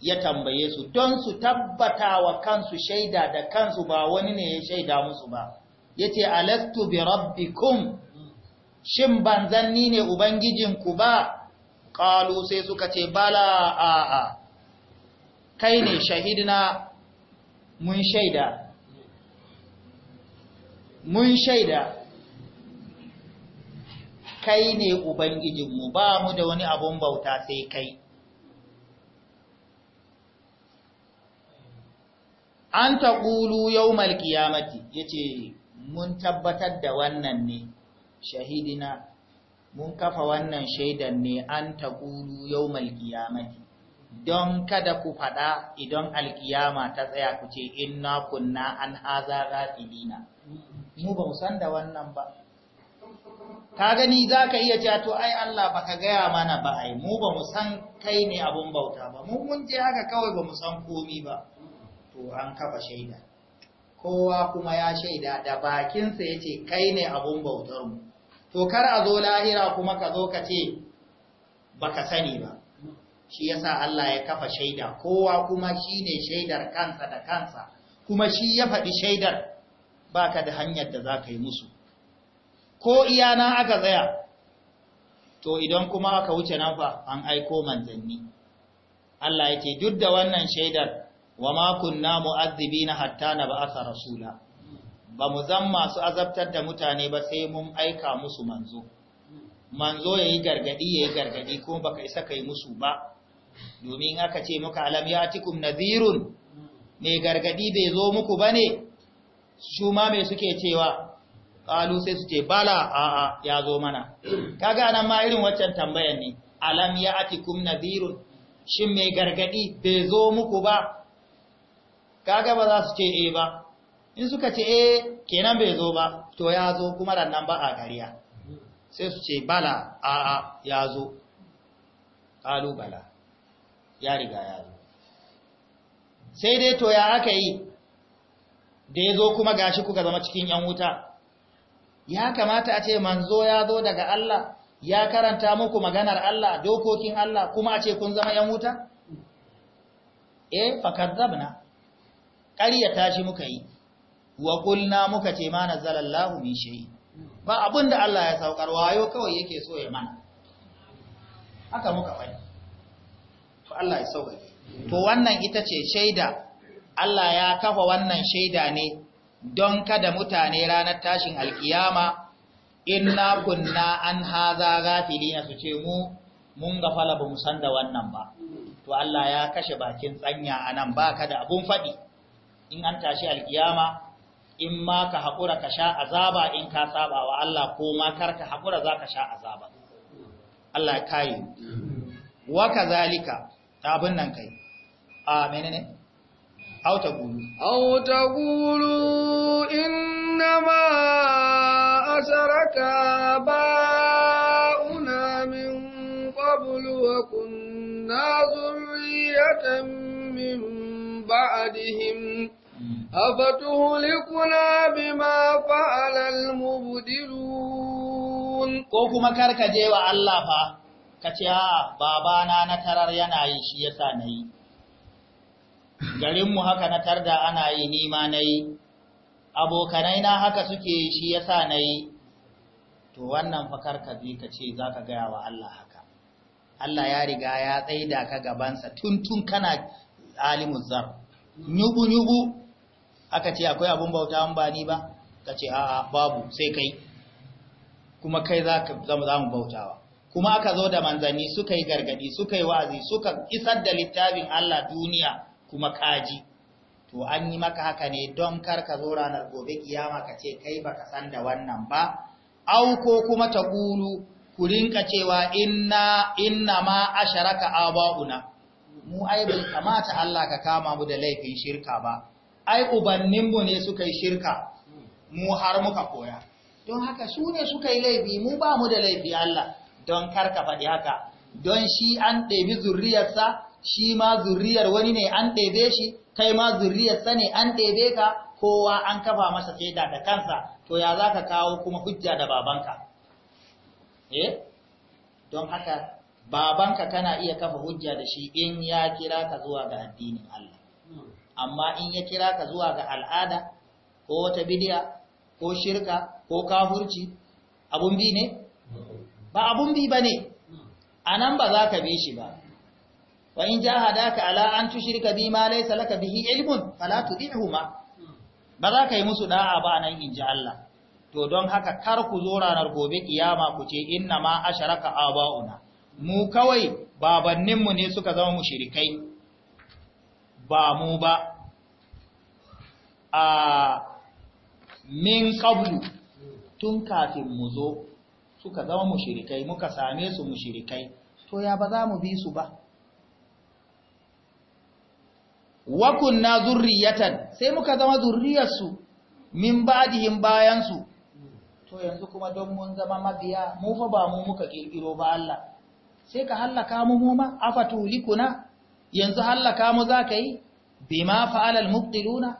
ya tambaye su don su tabbata wa kansu shaida da kansu ba wani ne ya shaida musu ba ya ce alastu bi rabbikum shin banzanni ne ubangijinku ba ƙalu sai suka ce bala a'a kai ne shahidina mun shaida mun shaida kai ne ubangijinmu ba mu da wani abun bauta sai kai an ta ƙulu yau malkiyamati ya ce mun tabbatar da wannan ne shahidina mun kafa wannan shaidan ne an ƙuru yau malkiyamati don kada ku faɗa idan alkiyama ta tsaya ku ce inna kunna an haza rafilina mu ba mu san da wannan ba ka gani za ka iya cewa to ai Allah ba ka gaya mana ba ai mu ba mu san kai ne abun bauta ba mu mun je haka kawai ba mu san komi ba to an kafa shaida kowa kuma ya shaida da bakinsa ya ce kai ne abun bautar mu to kar a zo lahira kuma ka zo ka ce ba ka sani ba shi yasa Allah ya kafa shaida kowa kuma shine shaidar kansa da kansa kuma shi ya faɗi shaidar baka da hanyar da za ka yi musu ko iyana aka zaya to idan kuma aka wuce nan fa an aiko manzanni Allah ya ce duk da wannan shaidar wa ma kunna mu'azzibina hatta na nab'atha rasula ba mu zan masu azabtar da mutane ba sai mun aika musu manzo manzo ya yi gargadi ya yi gargadi kuma baka isa ka musu ba domin aka ce muka alam ya tikum nazirun mai gargadi bai zo muku ba ne su ma mai suke cewa ƙalu sai su ce bala a'a ya zo mana kaga nan ma irin waccan tambayan ne alam ya atikum nazirun shin mai gargadi bai zo muku ba kaga ba za su ce eh ba in suka ce eh kenan bai zo ba to ya zo kuma rannan ba a gariya sai su ce bala a a ya zo ƙalu bala ya riga ya zo sai dai to ya aka yi da ya zo kuma gashi kuka zama cikin yan wuta ya kamata a ce manzo ya zo daga Allah ya karanta muku maganar Allah dokokin Allah kuma a ce kun zama yan wuta eh fakadzabna Karya tashi muka yi wa kulna muka ce ma nazzalallahu min shay'in ba abinda Allah ya saukar wayo kawai yake so ya mana haka muka bani to Allah ya sauka to wannan ita ce shaida Allah ya kafa wannan shaida ne don kada mutane ranar tashin alkiyama inna kunna an haza gafilina su ce mu mun gafala ba mu san da wannan ba to Allah ya kashe bakin tsanya anan ba kada abun faɗi in an tashi alkiyama in ma ka haƙura ka sha azaba in ka saba wa Allah ko ma kar ka haƙura za ka sha azaba Allah ya kayi wa kazalika abin nan kai a menene Au ta gulu in na ma ba, una min ƙwabulu wa kunna ba min ba'dihim أفتهلكنا بما فعل المبدلون ko kuma karka je wa Allah fa kace a babana na tarar yana yi shi haka na tarda ana yi nima nayi abokanai na haka suke shi yasa nayi to wannan fa ka je kace zaka gaya wa Allah haka Allah ya riga ya tsaida ka gabansa tun tun kana alimuz zar nyubu aka ce akwai abun bauta an ba ni ba ka ce a'a babu sai kai kuma kai za ka zama mu bautawa kuma aka zo da manzanni suka yi gargadi suka yi wa'azi suka isar da littafin Allah duniya kuma kaji to an yi maka haka ne don kar ka zo ranar gobe kiyama ka ce kai baka san da wannan ba au ko kuma ta gulu ku rinka cewa inna inna ma asharaka aba'una mu ai bai kamata Allah ka kama mu da laifin shirka ba ai ubanninmu ne suka yi shirka mu har muka koya don haka su ne suka yi laifi mu ba mu da laifi Allah don kar ka faɗi haka don shi an ɗebi zurriyarsa shi ma zurriyar wani ne an ɗebe shi kai ma zurriyarsa ne an ɗebe ka kowa an kafa masa shaida da kansa to ya za ka kawo kuma hujja da babanka eh? don haka babanka kana iya kafa hujja da shi in ya kira ka zuwa ga addinin Allah amma in ya kira ka zuwa ga al'ada ko wata bidiya ko shirka ko kafurci abun bi ne ba abun bi ba ne a nan ba za ka bi shi ba wa in ja hadaka ala an tushrika bi ma laysa laka bihi ilmun fala tudihuma ba za ka yi musu da'a ba nan in ji Allah to don haka kar ku zo ranar gobe kiyama ku ce inna ma asharaka aba'una mu kawai babanninmu ne suka zama mushrikai ba mu ba a min qablu tun kafin mu zo suka zama mushirikai muka same su mushirikai to ya ba za mu bi su ba wa kunna zurriyatan sai muka zama zurriyarsu min ba'dihim bayansu to yanzu kuma don mun zama mabiya mu fa ba mu muka kirkiro ba Allah sai ka hallaka mu mu ma afatu likuna yanzu hallaka mu ka yi bima fa'alal mubtiluna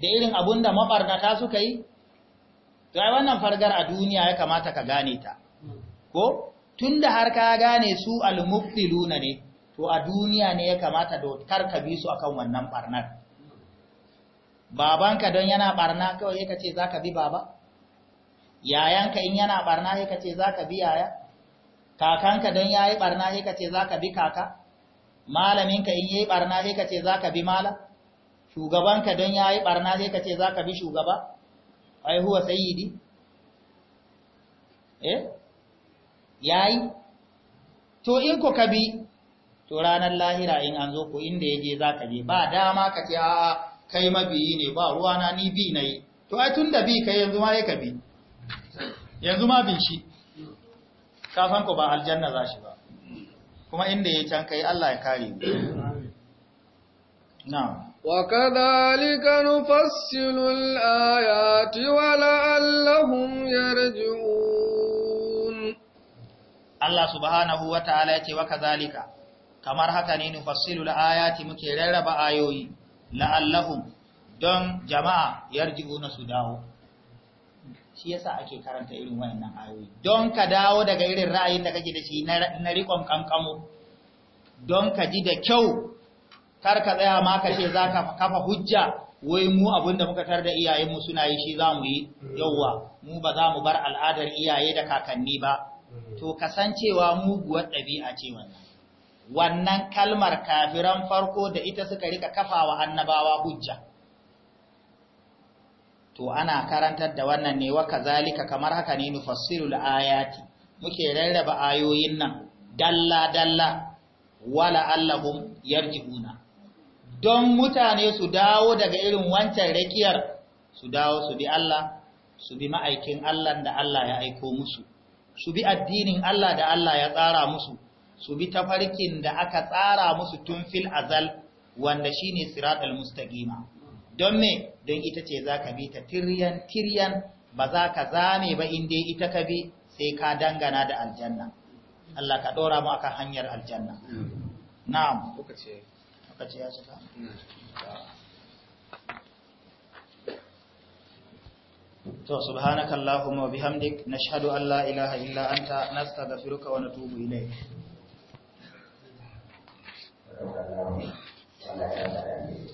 da irin abunda mabarnata suka yi to ai wannan fargar a duniya ya kamata ka gane ta ko tunda har ka gane su al mubtiluna ne to a duniya ne ya kamata da karka bi su akan wannan barnar babanka don yana barna kawai yake ce zaka bi baba yayanka in yana barna yake ce zaka bi yaya kakanka don yayi barna yake ce zaka bi kaka malaminka in yayi barna sai ka ce zaka bi mala shugabanka don yayi barna sai ka ce zaka bi shugaba ai huwa sayyidi eh yayi to in ko ka bi to ranar lahira in an zo ko inda yaje zaka je ba dama ka ce a'a kai mabiyi ne ba ruwana ni bi nayi to ai tunda bi kai yanzu ma yake bi yanzu ma bin shi kafan ko ba aljanna za shi ba kuma inda ya can kai Allah ya kare mu na wa kadhalika nufassilu al-ayati wa la'allahum yarji'un Allah subhanahu wa ta'ala yace wa kadhalika kamar haka ne nufassilu al-ayati muke rarraba ayoyi la'allahum don jama'a na su dawo shi yasa ake karanta irin wayannan ayoyi don ka dawo daga irin ra'ayin da kake da shi na rikon kankamo don ka ji da kyau kar ka tsaya ma ka ce zaka kafa hujja wai mu abin da muka kar iyaye mu suna yi shi za mu yi yawwa mu ba za mu bar al'adar iyaye da kakanni ba to kasancewa muguwar ɗabi'a ce wannan wannan kalmar kafiran farko da ita suka rika kafawa annabawa hujja to ana karantar da wannan ne wa kazalika kamar haka ne nufassirul ayati muke rarraba ayoyin nan dalla dalla wala allahum yarjihuna don mutane su dawo daga irin wancan rakiyar su dawo su bi Allah su bi ma'aikin Allah da Allah ya aiko musu su bi addinin Allah da Allah ya tsara musu su bi tafarkin da aka tsara musu tun fil azal wanda shine siratal mustaqima don me don ita ce za ka bi ta tiryan tiryan ba za ka zame ba inda ita ka bi sai ka dangana da aljanna Allah ka ɗora mu aka hanyar aljanna na'am ce ya cika to subhanaka allahumma wa bihamdik nashhadu an la ilaha illa anta nastaghfiruka wa natubu ilayk Thank you.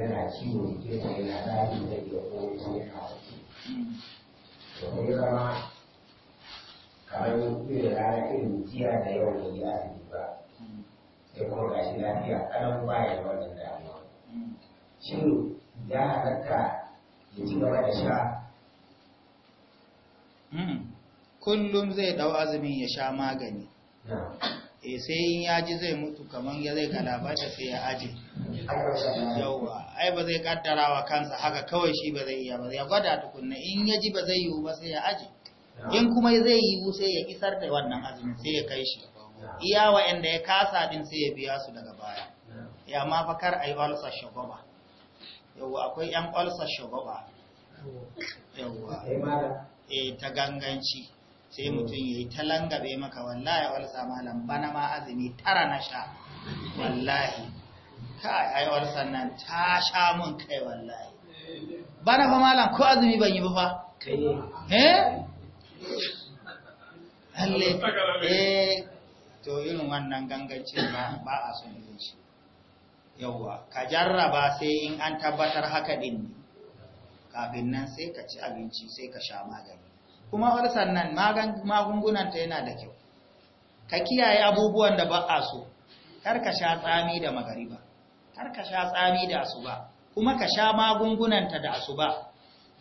yana ciwo jikinsa yana kowace wasu kamar irin da yau ba sai kuma damuwa shin da sha hmm. kullum zai dau azumin ya sha magani e sai in ya ji zai mutu kamar ya zai galabata sai ya aji. yauwa ai ba zai kaddara wa kansa haka kawai shi ba zai iya ba ya gwada tukunna in ya ji ba zai yi ba sai ya aji. in kuma zai yiwu sai ya isar da wannan azumin sai ya kai shi iya inda ya kasa din sai ya biya su daga baya ya ma fa kar ai walsa shagaba yauwa akwai yan walsa shagaba yauwa eh ta ganganci sai mutum ya yi langabe maka wallahi walsa malam bana ma azumi tara na sha wallahi kai ai walsan nan ta sha mun kai wallahi bana fa malam ko azumi ban yi ba fa eh lalle eh to irin wannan gangance ba ba a son yin shi ka jarraba sai in an tabbatar haka din kafin nan sai ka ci abinci sai ka sha magani kuma ulcer nan magungunanta yana da kyau ka kiyaye abubuwan da ba a so kar ka sha tsami da magariba kar ka sha tsami da asuba kuma ka sha magungunanta da asuba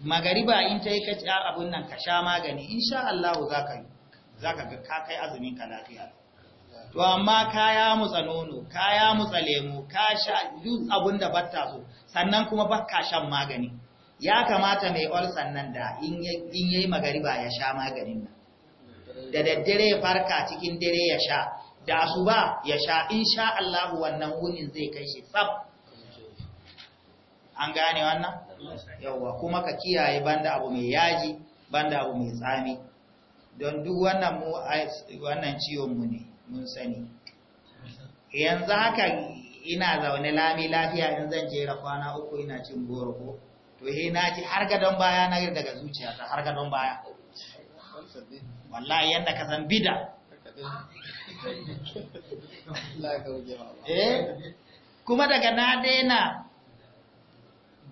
magariba in ta yi ka ci abun nan ka sha magani insha Allah za ka yi za ka ga ka kai azumin ka lafiya to amma ka ya mutsa nono ka ya mutsa lemu ka sha duk abun da ta so sannan kuma ka shan magani ya kamata mai olsan nan da in yayi magariba ya sha maganin nan da daddare ya farka cikin dare ya sha da asuba ya sha insha allahu wannan wunin zai kai shi tsaf? an gane wannan yauwa kuma ka kiyaye banda abu mai yaji banda abu mai tsami don duk wannan mu ciwon mu ne mun sani yanzu haka ina zaune lami lafiya in zan jera kwana uku ina cin goro ko to he na ce har don baya na daga zuciya ta har don baya wallahi yanda ka san bida eh kuma daga na daina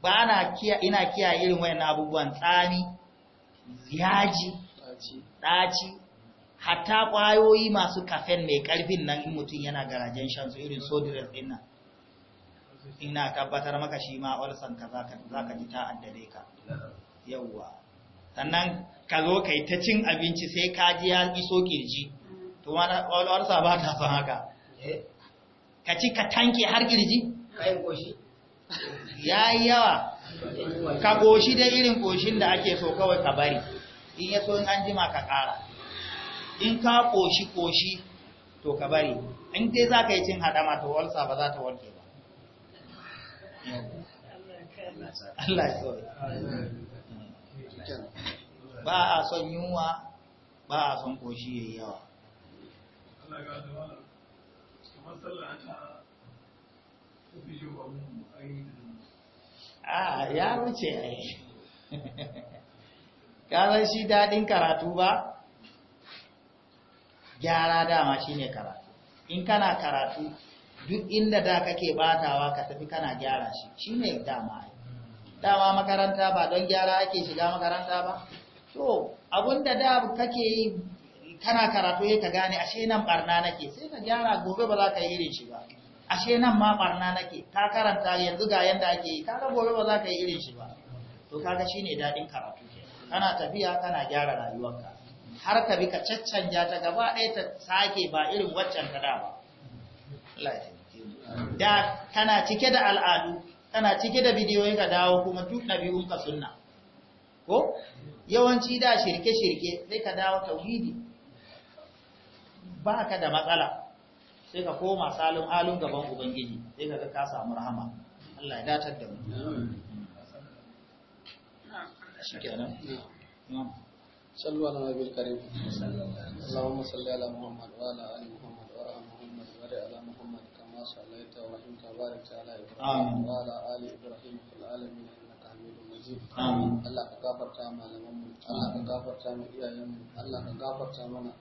ba na kiya ina kiya irin wayan abubuwan tsani yaji daci hatta kwayoyi masu kafen mai karfin nan in mutum yana garajen shan su irin sodirin din ina tabbatar maka shi ma olsan ka zaka ji ta addare ka yawwa sannan ka zo kai ta cin abinci sai ka ji ya iso kirji to ma olsa ba ta son haka eh. ka ci ka tanke har kirji kayan koshi ya yi yawa ka koshi da irin koshin da ake so kawai ka bari in ya so in an jima ka kara in ka koshi koshi to ka bari in dai za ka yi cin hadama to walsa ba za ta warke ba a son yunwa ba a son koshi yayi yawa a ya wuce a yi ƙarar shi daɗin karatu ba gyara dama shi ne karatu in kana karatu duk inda da kake batawa ka tafi kana gyara shi ne dama dama makaranta ba don gyara ake shiga makaranta ba to abinda da kake yi kana karatu ya ka gane ashe nan barna nake sai ka gyara gobe ba za ka yi irin shi ba ashe nan ma barna nake ka karanta yanzu ga yanda ake yi kaga gobe ba za ka yi irin shi ba to kaga ne dadin karatu kana tafiya kana gyara rayuwarka har ka bi ka caccanja ta gaba ɗaya ta sake ba irin waccan ta da ba Allah ya da kana cike da al'adu kana cike da bidiyoyi ka dawo kuma duk biyun ka sunna ko yawanci da shirke-shirke sai ka dawo tauhidi ba ka da matsala sai ka koma salin alun gaban ubangiji sai ka ka samu rahama Allah ya datar da mu shikenan sallu ala nabiyil karim sallallahu alaihi wa sallam Allahumma salli ala Muhammad wa ala alihi كما صليت ورحمت وباركت على إبراهيم وعلى آل إبراهيم في العالمين إنك حميد مجيد آمين الله كغفرت ما لم الله كغفرت ما إياهم الله كغفرت منا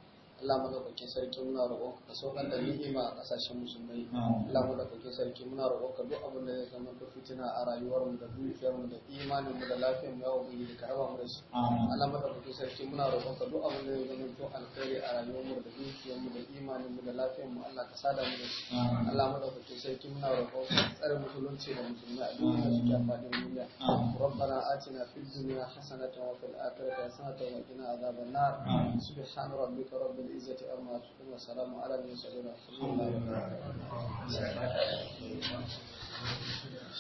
Allah madaukakin sarki muna roƙon ka so saukar da ni'ima a ƙasashen musulmai Allah madaukakin sarki muna roƙon ka duk abin da zai zama da fitina a rayuwar mu da dukiyar mu da imanin mu da lafiyar mu ya ubangiji ka raba mu da shi Allah madaukakin sarki muna roƙon ka duk abin da zai zama to alkhairi a rayuwar mu da dukiyar mu da imanin mu da lafiyar mu Allah ka sada mu da shi Allah madaukakin sarki muna roƙon ka tsare musulunci da musulmai a duniya su ta faɗin duniya ربنا آتنا في الدنيا حسنة وفي الآخرة حسنة وقنا عذاب النار سبحان ربك رب العزة أما والسلام على المرسلين الحمد لله